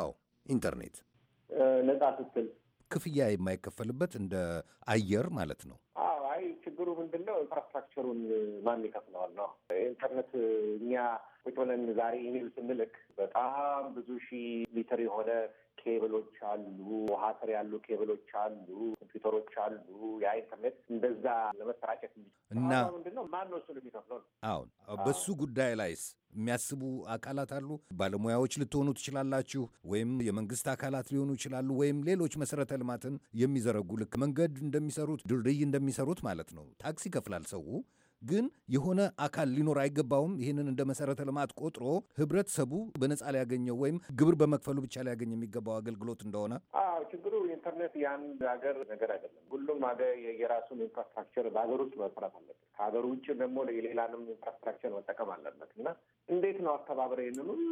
አዎ ኢንተርኔት ነጻ ስትል ክፍያ የማይከፈልበት እንደ አየር ማለት ነው። አይ ችግሩ ምንድን ነው? ኢንፍራስትራክቸሩን ማን ይከፍለዋል ነው። ኢንተርኔት እኛ ቁጭ ብለን ዛሬ ኢሜል ስንልክ በጣም ብዙ ሺህ ሊትር የሆነ ኬብሎች አሉ፣ ውሃ ስር ያሉ ኬብሎች አሉ፣ ኮምፒውተሮች አሉ። ያ ኢንተርኔት እንደዛ ለመሰራጨት እንጂ እና ምንድን ነው ማን ነው እሱን የሚከፍለው ነው? አሁን በሱ ጉዳይ ላይስ የሚያስቡ አካላት አሉ። ባለሙያዎች ልትሆኑ ትችላላችሁ፣ ወይም የመንግስት አካላት ሊሆኑ ይችላሉ፣ ወይም ሌሎች መሰረተ ልማትን የሚዘረጉ ልክ መንገድ እንደሚሰሩት ድልድይ እንደሚሰሩት ማለት ነው። ታክስ ይከፍላል ሰው ግን የሆነ አካል ሊኖር አይገባውም። ይህንን እንደ መሰረተ ልማት ቆጥሮ ህብረተሰቡ በነፃ ሊያገኘው ወይም ግብር በመክፈሉ ብቻ ሊያገኝ የሚገባው አገልግሎት እንደሆነ ችግሩ ኢንተርኔት የአንድ ሀገር ነገር አይደለም። ሁሉም ሀገር የራሱን ኢንፍራስትራክቸር በሀገር ውስጥ መስራት አለበት። ከሀገር ውጭ ደግሞ የሌላንም ኢንፍራስትራክቸር መጠቀም አለበት እና እንዴት ነው አስተባብረ ይህንን ሁሉ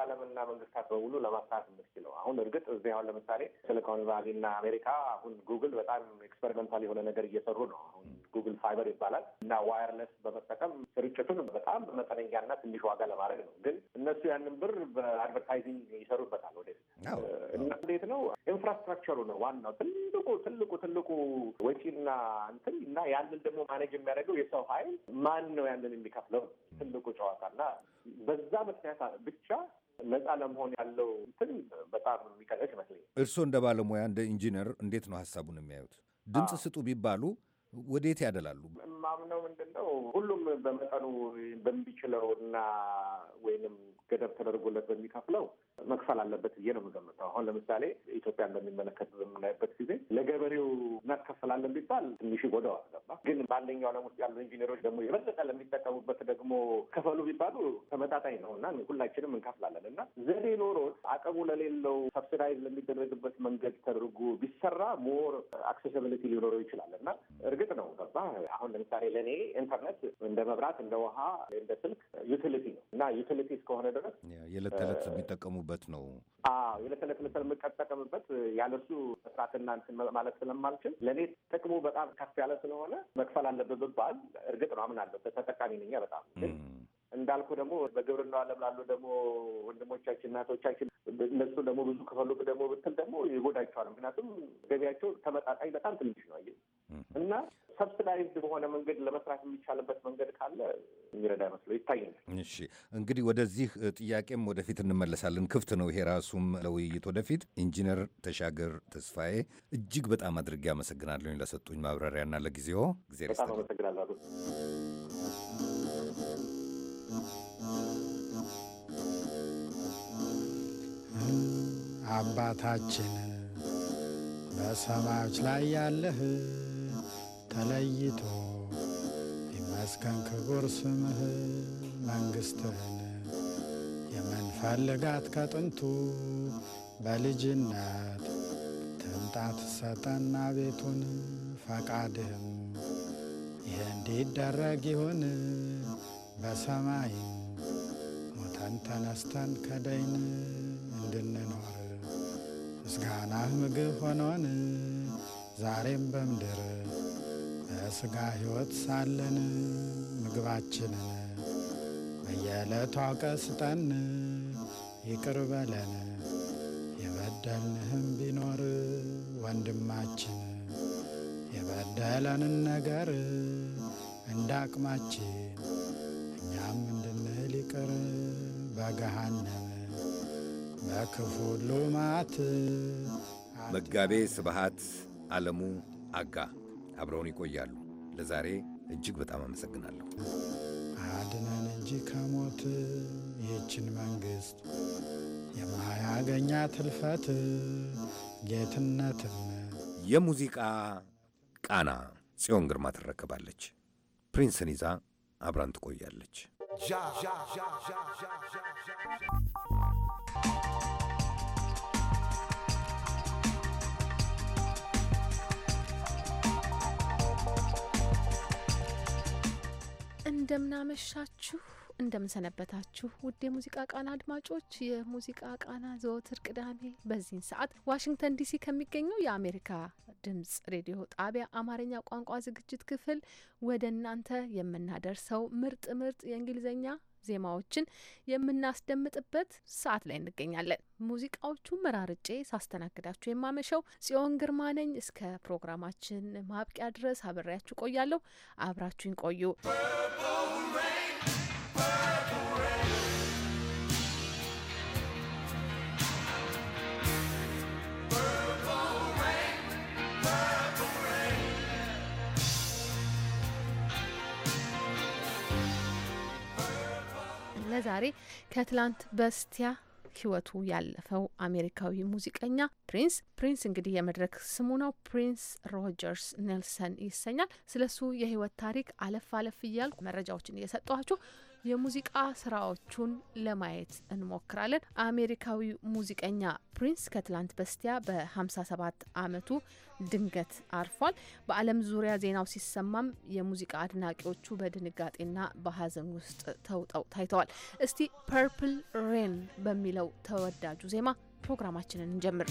ዓለምና መንግስታት በሙሉ ለማስራት የምትችለው? አሁን እርግጥ እዚህ አሁን ለምሳሌ ሲሊኮን ቫሊና አሜሪካ አሁን ጉግል በጣም ኤክስፐሪመንታል የሆነ ነገር እየሰሩ ነው። አሁን ጉግል ፋይበር ይባላል እና ዋይርለስ በመጠቀም ስርጭቱን በጣም በመጠነኛና ትንሽ ዋጋ ለማድረግ ነው። ግን እነሱ ያንን ብር በአድቨርታይዚንግ ይሰሩበታል ወደፊት እና እንዴት ነው ኢንፍራስትራክቸሩ ነው ዋናው ትልቁ ትልቁ ትልቁ ወጪና እንትን እና ያንን ደግሞ ማኔጅ የሚያደርገው የሰው ኃይል ማን ነው ያንን የሚከፍለው ትልቁ ጨዋታ እና በዛ ምክንያት ብቻ ነጻ ለመሆን ያለው እንትን በጣም የሚቀለጭ ይመስለኛል። እርስዎ እንደ ባለሙያ እንደ ኢንጂነር እንዴት ነው ሀሳቡን የሚያዩት? ድምፅ ስጡ ቢባሉ ወዴት ያደላሉ? ማምነው ምንድን ነው ሁሉም በመጠኑ በሚችለው እና ወይንም ገደብ ተደርጎለት በሚከፍለው መክፈል አለበት ብዬ ነው የምገምተው። አሁን ለምሳሌ ኢትዮጵያን በሚመለከት በምናይበት ጊዜ ለገበሬው እናከፈላለን ቢባል ትንሽ ይጎዳዋል። ገባ ግን በአንደኛው ዓለም ውስጥ ያሉ ኢንጂነሮች ደግሞ የበለጠ ለሚጠቀሙበት ደግሞ ከፈሉ ቢባሉ ተመጣጣኝ ነው እና ሁላችንም እንከፍላለን እና ዘዴ ኖሮት አቅሙ ለሌለው ሰብሲዳይዝ ለሚደረግበት መንገድ ተደርጎ ቢሰራ ሞር አክሴሲብሊቲ ሊኖረው ይችላል እና እርግጥ ነው ገባ አሁን ለምሳሌ ለእኔ ኢንተርኔት እንደ መብራት፣ እንደ ውሃ፣ እንደ ስልክ ዩቲሊቲ ነው እና ዩቲሊቲ እስከሆነ ድረስ የዕለት ተዕለት የሚጠቀሙ የምትጠቀሙበት ነው? አዎ የዕለት ተዕለት ያለሱ መስራትና እንትን ማለት ስለማልችል ለእኔ ጥቅሙ በጣም ከፍ ያለ ስለሆነ መክፈል አለብህ ብባል እርግጥ ነው አምናለሁ። ተጠቃሚ ነኝ በጣም እንዳልኩ ደግሞ በግብርና ዓለም ላሉ ደግሞ ወንድሞቻችን እናቶቻችን እነሱ ደግሞ ብዙ ከፈለጉ ደግሞ ብትል ደግሞ ይጎዳቸዋል። ምክንያቱም ገቢያቸው ተመጣጣኝ በጣም ትንሽ ነው እና ሰብስዳይዝድ በሆነ መንገድ ለመስራት የሚቻልበት መንገድ ካለ የሚረዳ ይመስለው ይታየኛል። እሺ እንግዲህ ወደዚህ ጥያቄም ወደፊት እንመለሳለን። ክፍት ነው ይሄ ራሱም ለውይይት ወደፊት። ኢንጂነር ተሻገር ተስፋዬ እጅግ በጣም አድርጌ አመሰግናለሁኝ ለሰጡኝ ማብራሪያና ለጊዜው ጊዜ በጣም አመሰግናለሁ። አባታችን በሰማዮች ላይ ያለህ ተለይቶ ክቡር ስምህ መንግሥትህን የምንፈልጋት ከጥንቱ በልጅነት ትምጣት ሰጠና ቤቱን ፈቃድህም ይህ እንዲደረግ ይሁን በሰማይ ሞተን ተነስተን ከደይን እንድንኖር ምስጋናህ ምግብ ሆኖን ዛሬም በምድር በሥጋ ሕይወት ሳለን ምግባችንን በየዕለቱ ቀስጠን ይቅር በለን የበደልንህም ቢኖር ወንድማችን የበደለንን ነገር እንዳቅማችን እኛም እንድንል ይቅር በገሃነም በክፉ ሉማት መጋቤ ስብሐት ዓለሙ አጋ አብረውን ይቆያሉ። ለዛሬ እጅግ በጣም አመሰግናለሁ። አድነን እንጂ ከሞት ይህችን መንግሥት የማያገኛት ትልፈት ጌትነትም የሙዚቃ ቃና ጽዮን ግርማ ትረከባለች። ፕሪንስን ይዛ አብራን ትቆያለች። እንደምናመሻችሁ እንደምንሰነበታችሁ ውድ የሙዚቃ ቃና አድማጮች፣ የሙዚቃ ቃና ዘወትር ቅዳሜ በዚህን ሰዓት ዋሽንግተን ዲሲ ከሚገኘው የአሜሪካ ድምጽ ሬዲዮ ጣቢያ አማርኛ ቋንቋ ዝግጅት ክፍል ወደ እናንተ የምናደርሰው ምርጥ ምርጥ የእንግሊዝኛ ዜማዎችን የምናስደምጥበት ሰዓት ላይ እንገኛለን። ሙዚቃዎቹን መራርጬ ሳስተናግዳችሁ የማመሸው ጽዮን ግርማ ነኝ። እስከ ፕሮግራማችን ማብቂያ ድረስ አብሬያችሁ ቆያለሁ። አብራችሁን ቆዩ። ከዛሬ ከትላንት በስቲያ ህይወቱ ያለፈው አሜሪካዊ ሙዚቀኛ ፕሪንስ ፕሪንስ እንግዲህ የመድረክ ስሙ ነው። ፕሪንስ ሮጀርስ ኔልሰን ይሰኛል። ስለሱ የህይወት ታሪክ አለፍ አለፍ እያልኩ መረጃዎችን እየሰጠኋችሁ የሙዚቃ ስራዎቹን ለማየት እንሞክራለን። አሜሪካዊ ሙዚቀኛ ፕሪንስ ከትላንት በስቲያ በ57 ዓመቱ ድንገት አርፏል። በዓለም ዙሪያ ዜናው ሲሰማም የሙዚቃ አድናቂዎቹ በድንጋጤና በሀዘን ውስጥ ተውጠው ታይተዋል። እስቲ ፐርፕል ሬን በሚለው ተወዳጁ ዜማ ፕሮግራማችንን እንጀምር።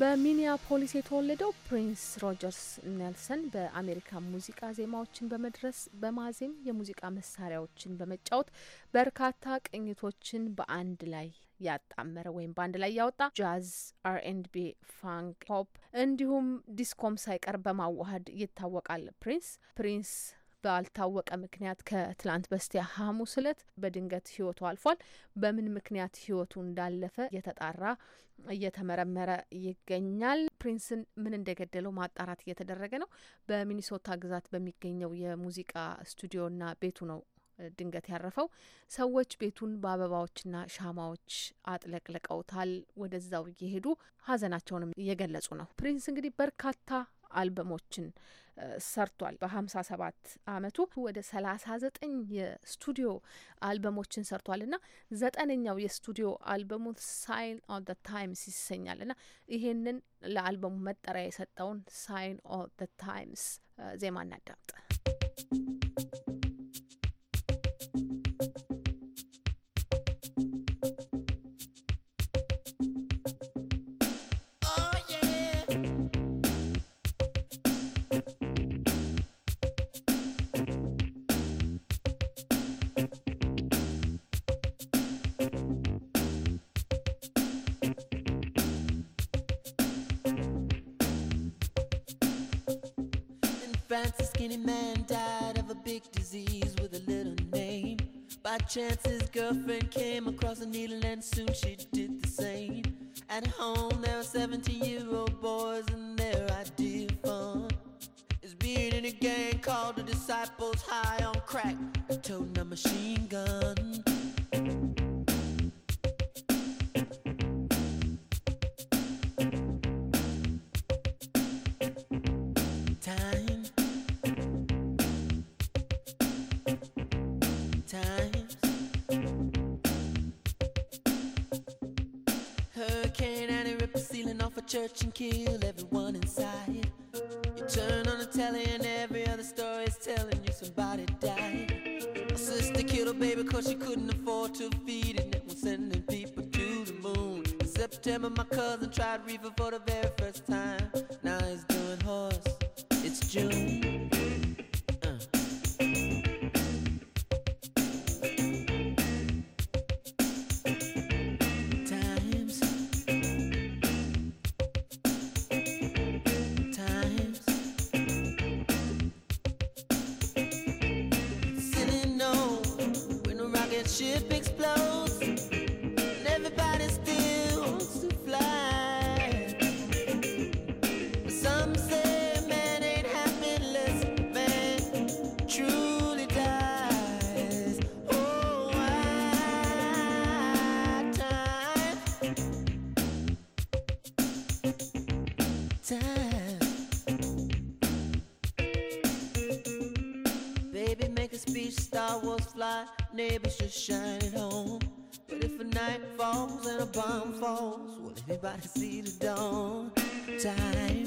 በሚኒያፖሊስ የተወለደው ፕሪንስ ሮጀርስ ኔልሰን በአሜሪካ ሙዚቃ ዜማዎችን በመድረስ በማዜም የሙዚቃ መሳሪያዎችን በመጫወት በርካታ ቅኝቶችን በአንድ ላይ ያጣመረ ወይም በአንድ ላይ ያወጣ ጃዝ፣ አር ፋንክ፣ ፖፕ እንዲሁም ዲስኮም ሳይቀር በማዋሀድ ይታወቃል። ፕሪንስ ፕሪንስ ባልታወቀ ምክንያት ከትላንት በስቲያ ሐሙስ እለት በድንገት ህይወቱ አልፏል። በምን ምክንያት ህይወቱ እንዳለፈ እየተጣራ እየተመረመረ ይገኛል። ፕሪንስን ምን እንደገደለው ማጣራት እየተደረገ ነው። በሚኒሶታ ግዛት በሚገኘው የሙዚቃ ስቱዲዮና ቤቱ ነው ድንገት ያረፈው። ሰዎች ቤቱን በአበባዎችና ሻማዎች አጥለቅልቀውታል። ወደዛው እየሄዱ ሀዘናቸውንም እየገለጹ ነው። ፕሪንስ እንግዲህ በርካታ አልበሞችን ሰርቷል። በሀምሳ ሰባት አመቱ ወደ ሰላሳ ዘጠኝ የስቱዲዮ አልበሞችን ሰርቷል እና ዘጠነኛው የስቱዲዮ አልበሙ ሳይን ኦፍ ዘ ታይምስ ይሰኛል እና ይሄንን ለአልበሙ መጠሪያ የሰጠውን ሳይን ኦፍ ዘ ታይምስ ዜማ እናዳምጥ። skinny man died of a big disease with a little name. By chance, his girlfriend came across a needle, and soon she did the same. At home, there are 17 year old boys, and their idea of fun is being in a gang called the Disciples High on Crack, toting a machine gun. church and kill everyone inside. You turn on the telly and every other story is telling you somebody died. My sister killed her baby cause she couldn't afford to feed it. And was sending people to the moon. In September, my cousin tried reefer for the very first time. Now he's doing horse. It's June. lights just shining home. But if a night falls and a bomb falls, will everybody see the dawn? Time.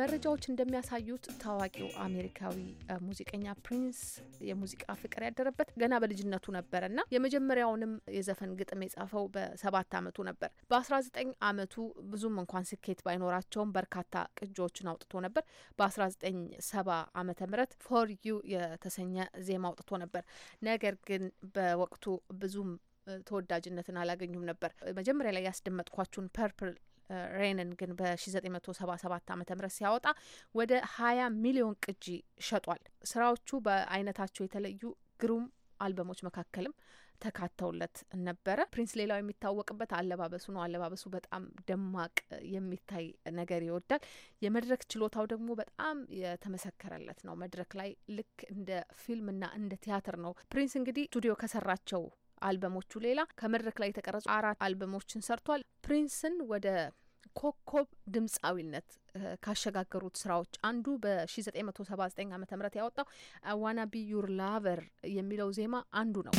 መረጃዎች እንደሚያሳዩት ታዋቂው አሜሪካዊ ሙዚቀኛ ፕሪንስ የሙዚቃ ፍቅር ያደረበት ገና በልጅነቱ ነበር እና የመጀመሪያውንም የዘፈን ግጥም የጻፈው በሰባት ዓመቱ ነበር። በ19 ዓመቱ ብዙም እንኳን ስኬት ባይኖራቸውም በርካታ ቅጂዎችን አውጥቶ ነበር። በ1970 ዓመተ ምህረት ፎር ዩ የተሰኘ ዜማ አውጥቶ ነበር። ነገር ግን በወቅቱ ብዙም ተወዳጅነትን አላገኙም ነበር። መጀመሪያ ላይ ያስደመጥኳችሁን ፐርፕል ሬንን ግን በ1977 ዓ ም ሲያወጣ ወደ 20 ሚሊዮን ቅጂ ሸጧል። ስራዎቹ በአይነታቸው የተለዩ ግሩም አልበሞች መካከልም ተካተውለት ነበረ። ፕሪንስ ሌላው የሚታወቅበት አለባበሱ ነው። አለባበሱ በጣም ደማቅ የሚታይ ነገር ይወዳል። የመድረክ ችሎታው ደግሞ በጣም የተመሰከረለት ነው። መድረክ ላይ ልክ እንደ ፊልምና እንደ ቲያትር ነው። ፕሪንስ እንግዲህ ስቱዲዮ ከሰራቸው አልበሞቹ ሌላ ከመድረክ ላይ የተቀረጹ አራት አልበሞችን ሰርቷል። ፕሪንስን ወደ ኮከብ ድምፃዊነት ካሸጋገሩት ስራዎች አንዱ በ1979 ዓ ም ያወጣው ዋና ቢዩር ዩር ላቨር የሚለው ዜማ አንዱ ነው።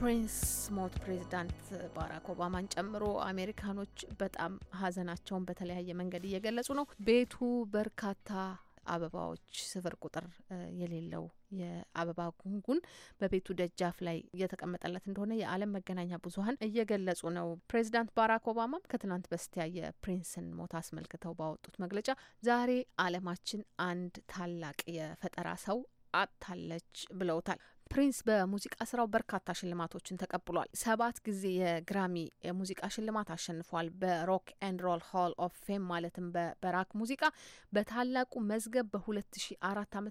ፕሪንስ ሞት ፕሬዚዳንት ባራክ ኦባማን ጨምሮ አሜሪካኖች በጣም ሀዘናቸውን በተለያየ መንገድ እየገለጹ ነው። ቤቱ በርካታ አበባዎች ስፍር ቁጥር የሌለው የአበባ ጉንጉን በቤቱ ደጃፍ ላይ እየተቀመጠለት እንደሆነ የዓለም መገናኛ ብዙኃን እየገለጹ ነው። ፕሬዚዳንት ባራክ ኦባማም ከትናንት በስቲያ የፕሪንስን ሞት አስመልክተው ባወጡት መግለጫ ዛሬ ዓለማችን አንድ ታላቅ የፈጠራ ሰው አጥታለች ብለውታል። ፕሪንስ በሙዚቃ ስራው በርካታ ሽልማቶችን ተቀብሏል። ሰባት ጊዜ የግራሚ የሙዚቃ ሽልማት አሸንፏል። በሮክ ኤንድ ሮል ሆል ኦፍ ፌም ማለትም በበራክ ሙዚቃ በታላቁ መዝገብ በ2004 ዓ.ም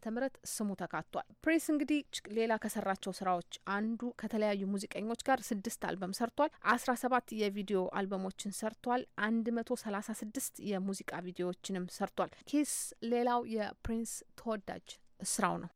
ስሙ ተካቷል። ፕሪንስ እንግዲህ ሌላ ከሰራቸው ስራዎች አንዱ ከተለያዩ ሙዚቀኞች ጋር ስድስት አልበም ሰርቷል። ሰባት የቪዲዮ አልበሞችን ሰርቷል። ስድስት የሙዚቃ ቪዲዮዎችንም ሰርቷል። ኪስ ሌላው የፕሪንስ ተወዳጅ ስራው ነው።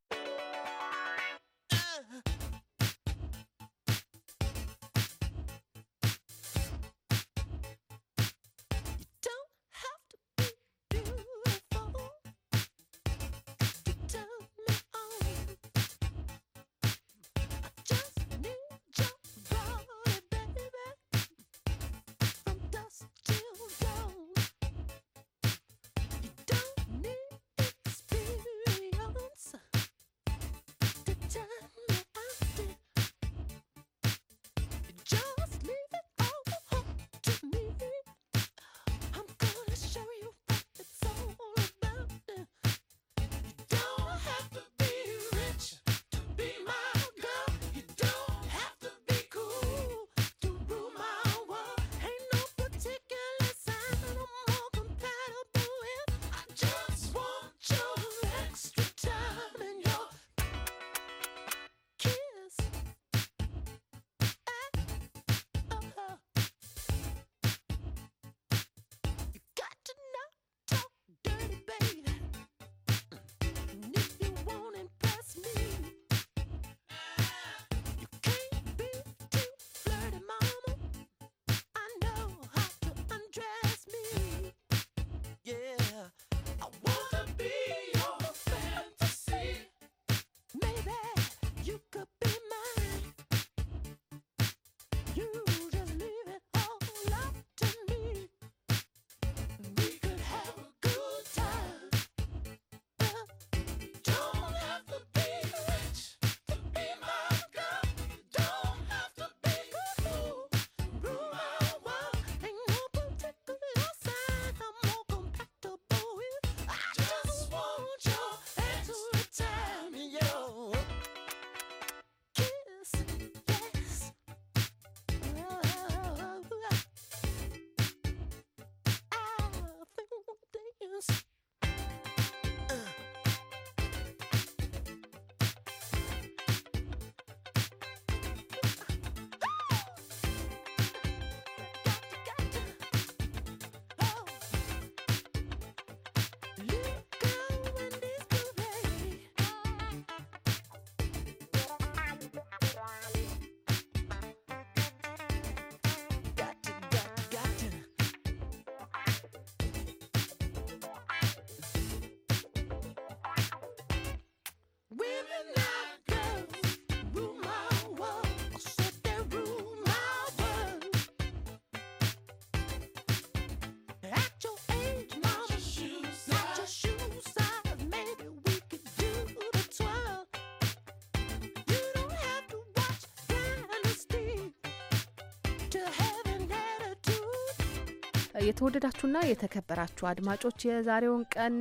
የተወደዳችሁና የተከበራችሁ አድማጮች የዛሬውን ቀን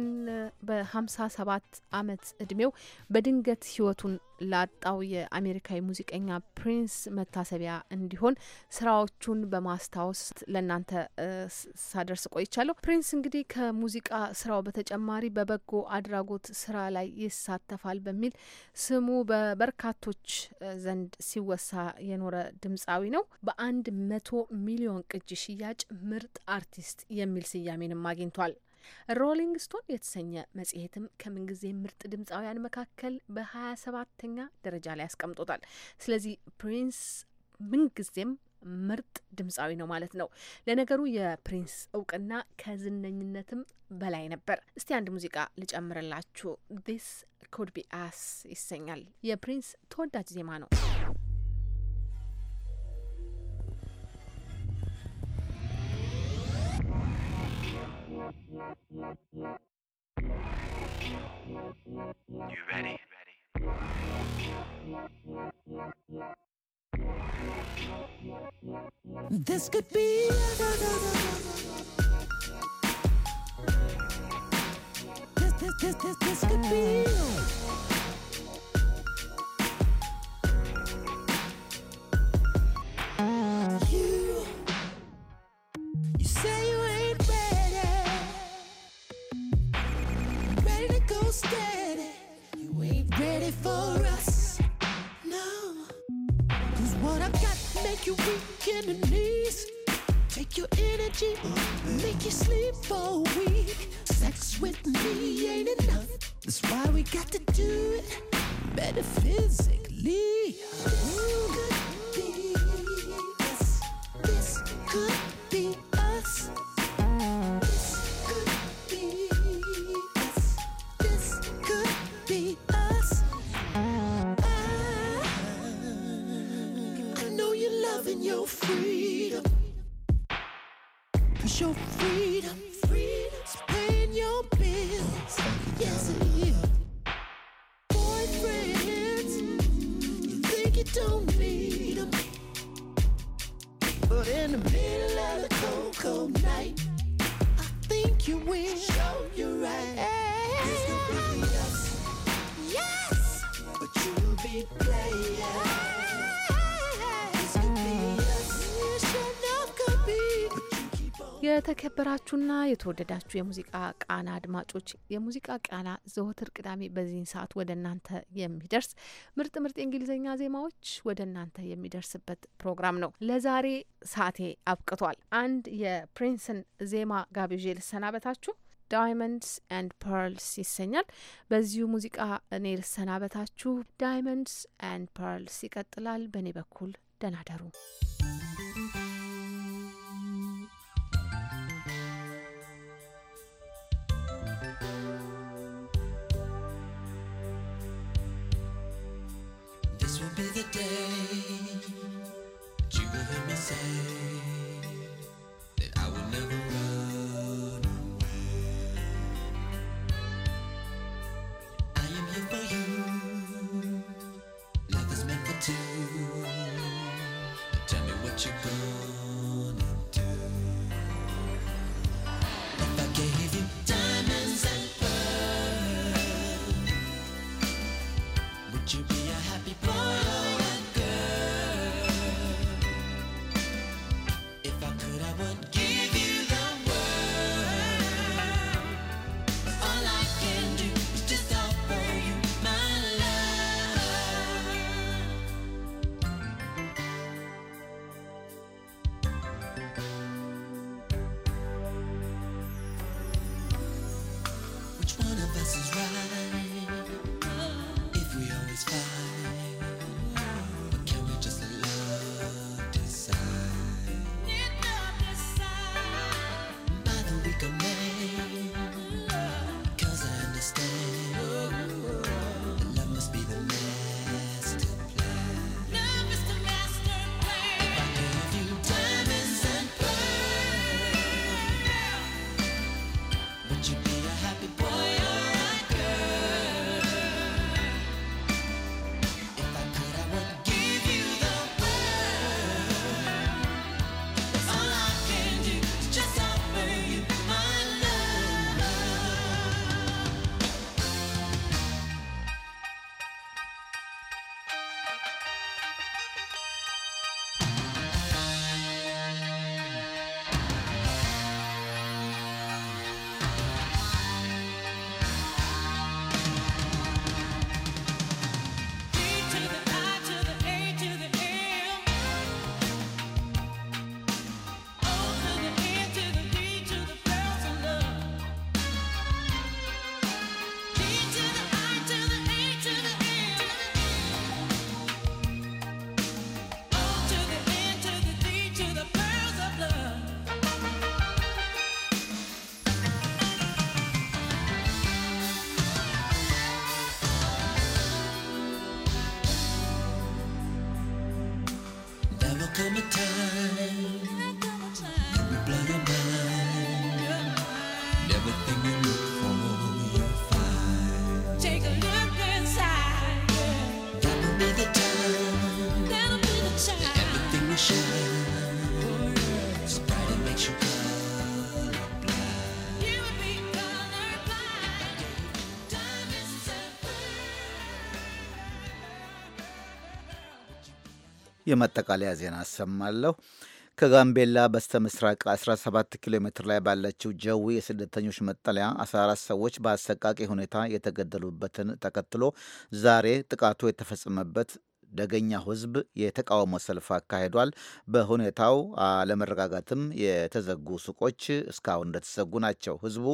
በ57 አመት እድሜው በድንገት ህይወቱን ላጣው የአሜሪካዊ ሙዚቀኛ ፕሪንስ መታሰቢያ እንዲሆን ስራዎቹን በማስታወስ ለእናንተ ሳደርስ ቆይቻለሁ። ፕሪንስ እንግዲህ ከሙዚቃ ስራው በተጨማሪ በበጎ አድራጎት ስራ ላይ ይሳተፋል በሚል ስሙ በበርካቶች ዘንድ ሲወሳ የኖረ ድምፃዊ ነው። በአንድ መቶ ሚሊዮን ቅጂ ሽያጭ ምርጥ አር አርቲስት የሚል ስያሜንም አግኝቷል። ሮሊንግ ስቶን የተሰኘ መጽሔትም ከምንጊዜ ምርጥ ድምፃውያን መካከል በሀያ ሰባተኛ ደረጃ ላይ ያስቀምጦታል። ስለዚህ ፕሪንስ ምንጊዜም ምርጥ ድምፃዊ ነው ማለት ነው። ለነገሩ የፕሪንስ እውቅና ከዝነኝነትም በላይ ነበር። እስቲ አንድ ሙዚቃ ልጨምርላችሁ። ዲስ ኮድ ቢ አስ ይሰኛል። የፕሪንስ ተወዳጅ ዜማ ነው። You ready? This could be. This, this, this, this, this could be. የተወደዳችሁ የሙዚቃ ቃና አድማጮች የሙዚቃ ቃና ዘወትር ቅዳሜ በዚህን ሰዓት ወደ እናንተ የሚደርስ ምርጥ ምርጥ የእንግሊዝኛ ዜማዎች ወደ እናንተ የሚደርስበት ፕሮግራም ነው። ለዛሬ ሰዓቴ አብቅቷል። አንድ የፕሪንስን ዜማ ጋብዤ ልሰናበታችሁ። ዳይመንድስ ኤንድ ፐርልስ ይሰኛል። በዚሁ ሙዚቃ እኔ ልሰናበታችሁ። ዳይመንድስ ኤንድ ፐርልስ ይቀጥላል። በእኔ በኩል ደህና ደሩ። የማጠቃለያ ዜና አሰማለሁ። ከጋምቤላ በስተ ምስራቅ 17 ኪሎ ሜትር ላይ ባለችው ጀዊ የስደተኞች መጠለያ 14 ሰዎች በአሰቃቂ ሁኔታ የተገደሉበትን ተከትሎ ዛሬ ጥቃቱ የተፈጸመበት ደገኛ ህዝብ የተቃውሞ ሰልፍ አካሂዷል። በሁኔታው አለመረጋጋትም የተዘጉ ሱቆች እስካሁን እንደተዘጉ ናቸው። ህዝቡ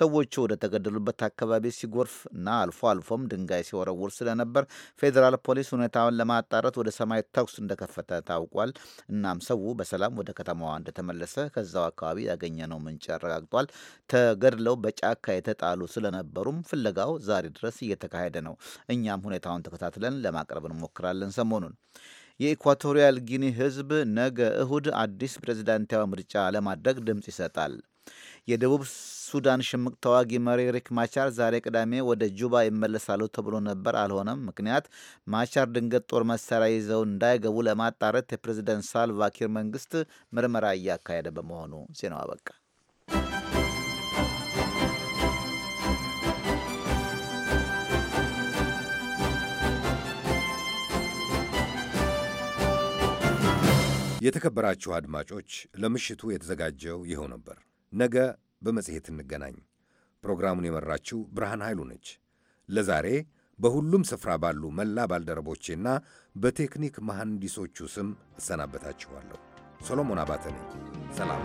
ሰዎቹ ወደ ተገደሉበት አካባቢ ሲጎርፍ እና አልፎ አልፎም ድንጋይ ሲወረውር ስለነበር ፌዴራል ፖሊስ ሁኔታውን ለማጣረት ወደ ሰማይ ተኩስ እንደከፈተ ታውቋል። እናም ሰው በሰላም ወደ ከተማዋ እንደተመለሰ ከዛው አካባቢ ያገኘነው ምንጭ አረጋግጧል። ተገድለው በጫካ የተጣሉ ስለነበሩም ፍለጋው ዛሬ ድረስ እየተካሄደ ነው። እኛም ሁኔታውን ተከታትለን ለማቅረብ እንሞክራለን። እናገራለን። ሰሞኑን የኢኳቶሪያል ጊኒ ህዝብ ነገ እሁድ አዲስ ፕሬዝዳንታዊ ምርጫ ለማድረግ ድምፅ ይሰጣል። የደቡብ ሱዳን ሽምቅ ተዋጊ መሪ ሪክ ማቻር ዛሬ ቅዳሜ ወደ ጁባ ይመለሳሉ ተብሎ ነበር። አልሆነም። ምክንያት ማቻር ድንገት ጦር መሳሪያ ይዘው እንዳይገቡ ለማጣረት የፕሬዝደንት ሳልቫኪር መንግስት ምርመራ እያካሄደ በመሆኑ ዜናው አበቃ። የተከበራችሁ አድማጮች፣ ለምሽቱ የተዘጋጀው ይኸው ነበር። ነገ በመጽሔት እንገናኝ። ፕሮግራሙን የመራችው ብርሃን ኃይሉ ነች። ለዛሬ በሁሉም ስፍራ ባሉ መላ ባልደረቦቼና በቴክኒክ መሐንዲሶቹ ስም እሰናበታችኋለሁ። ሰሎሞን አባተ ነኝ። ሰላም።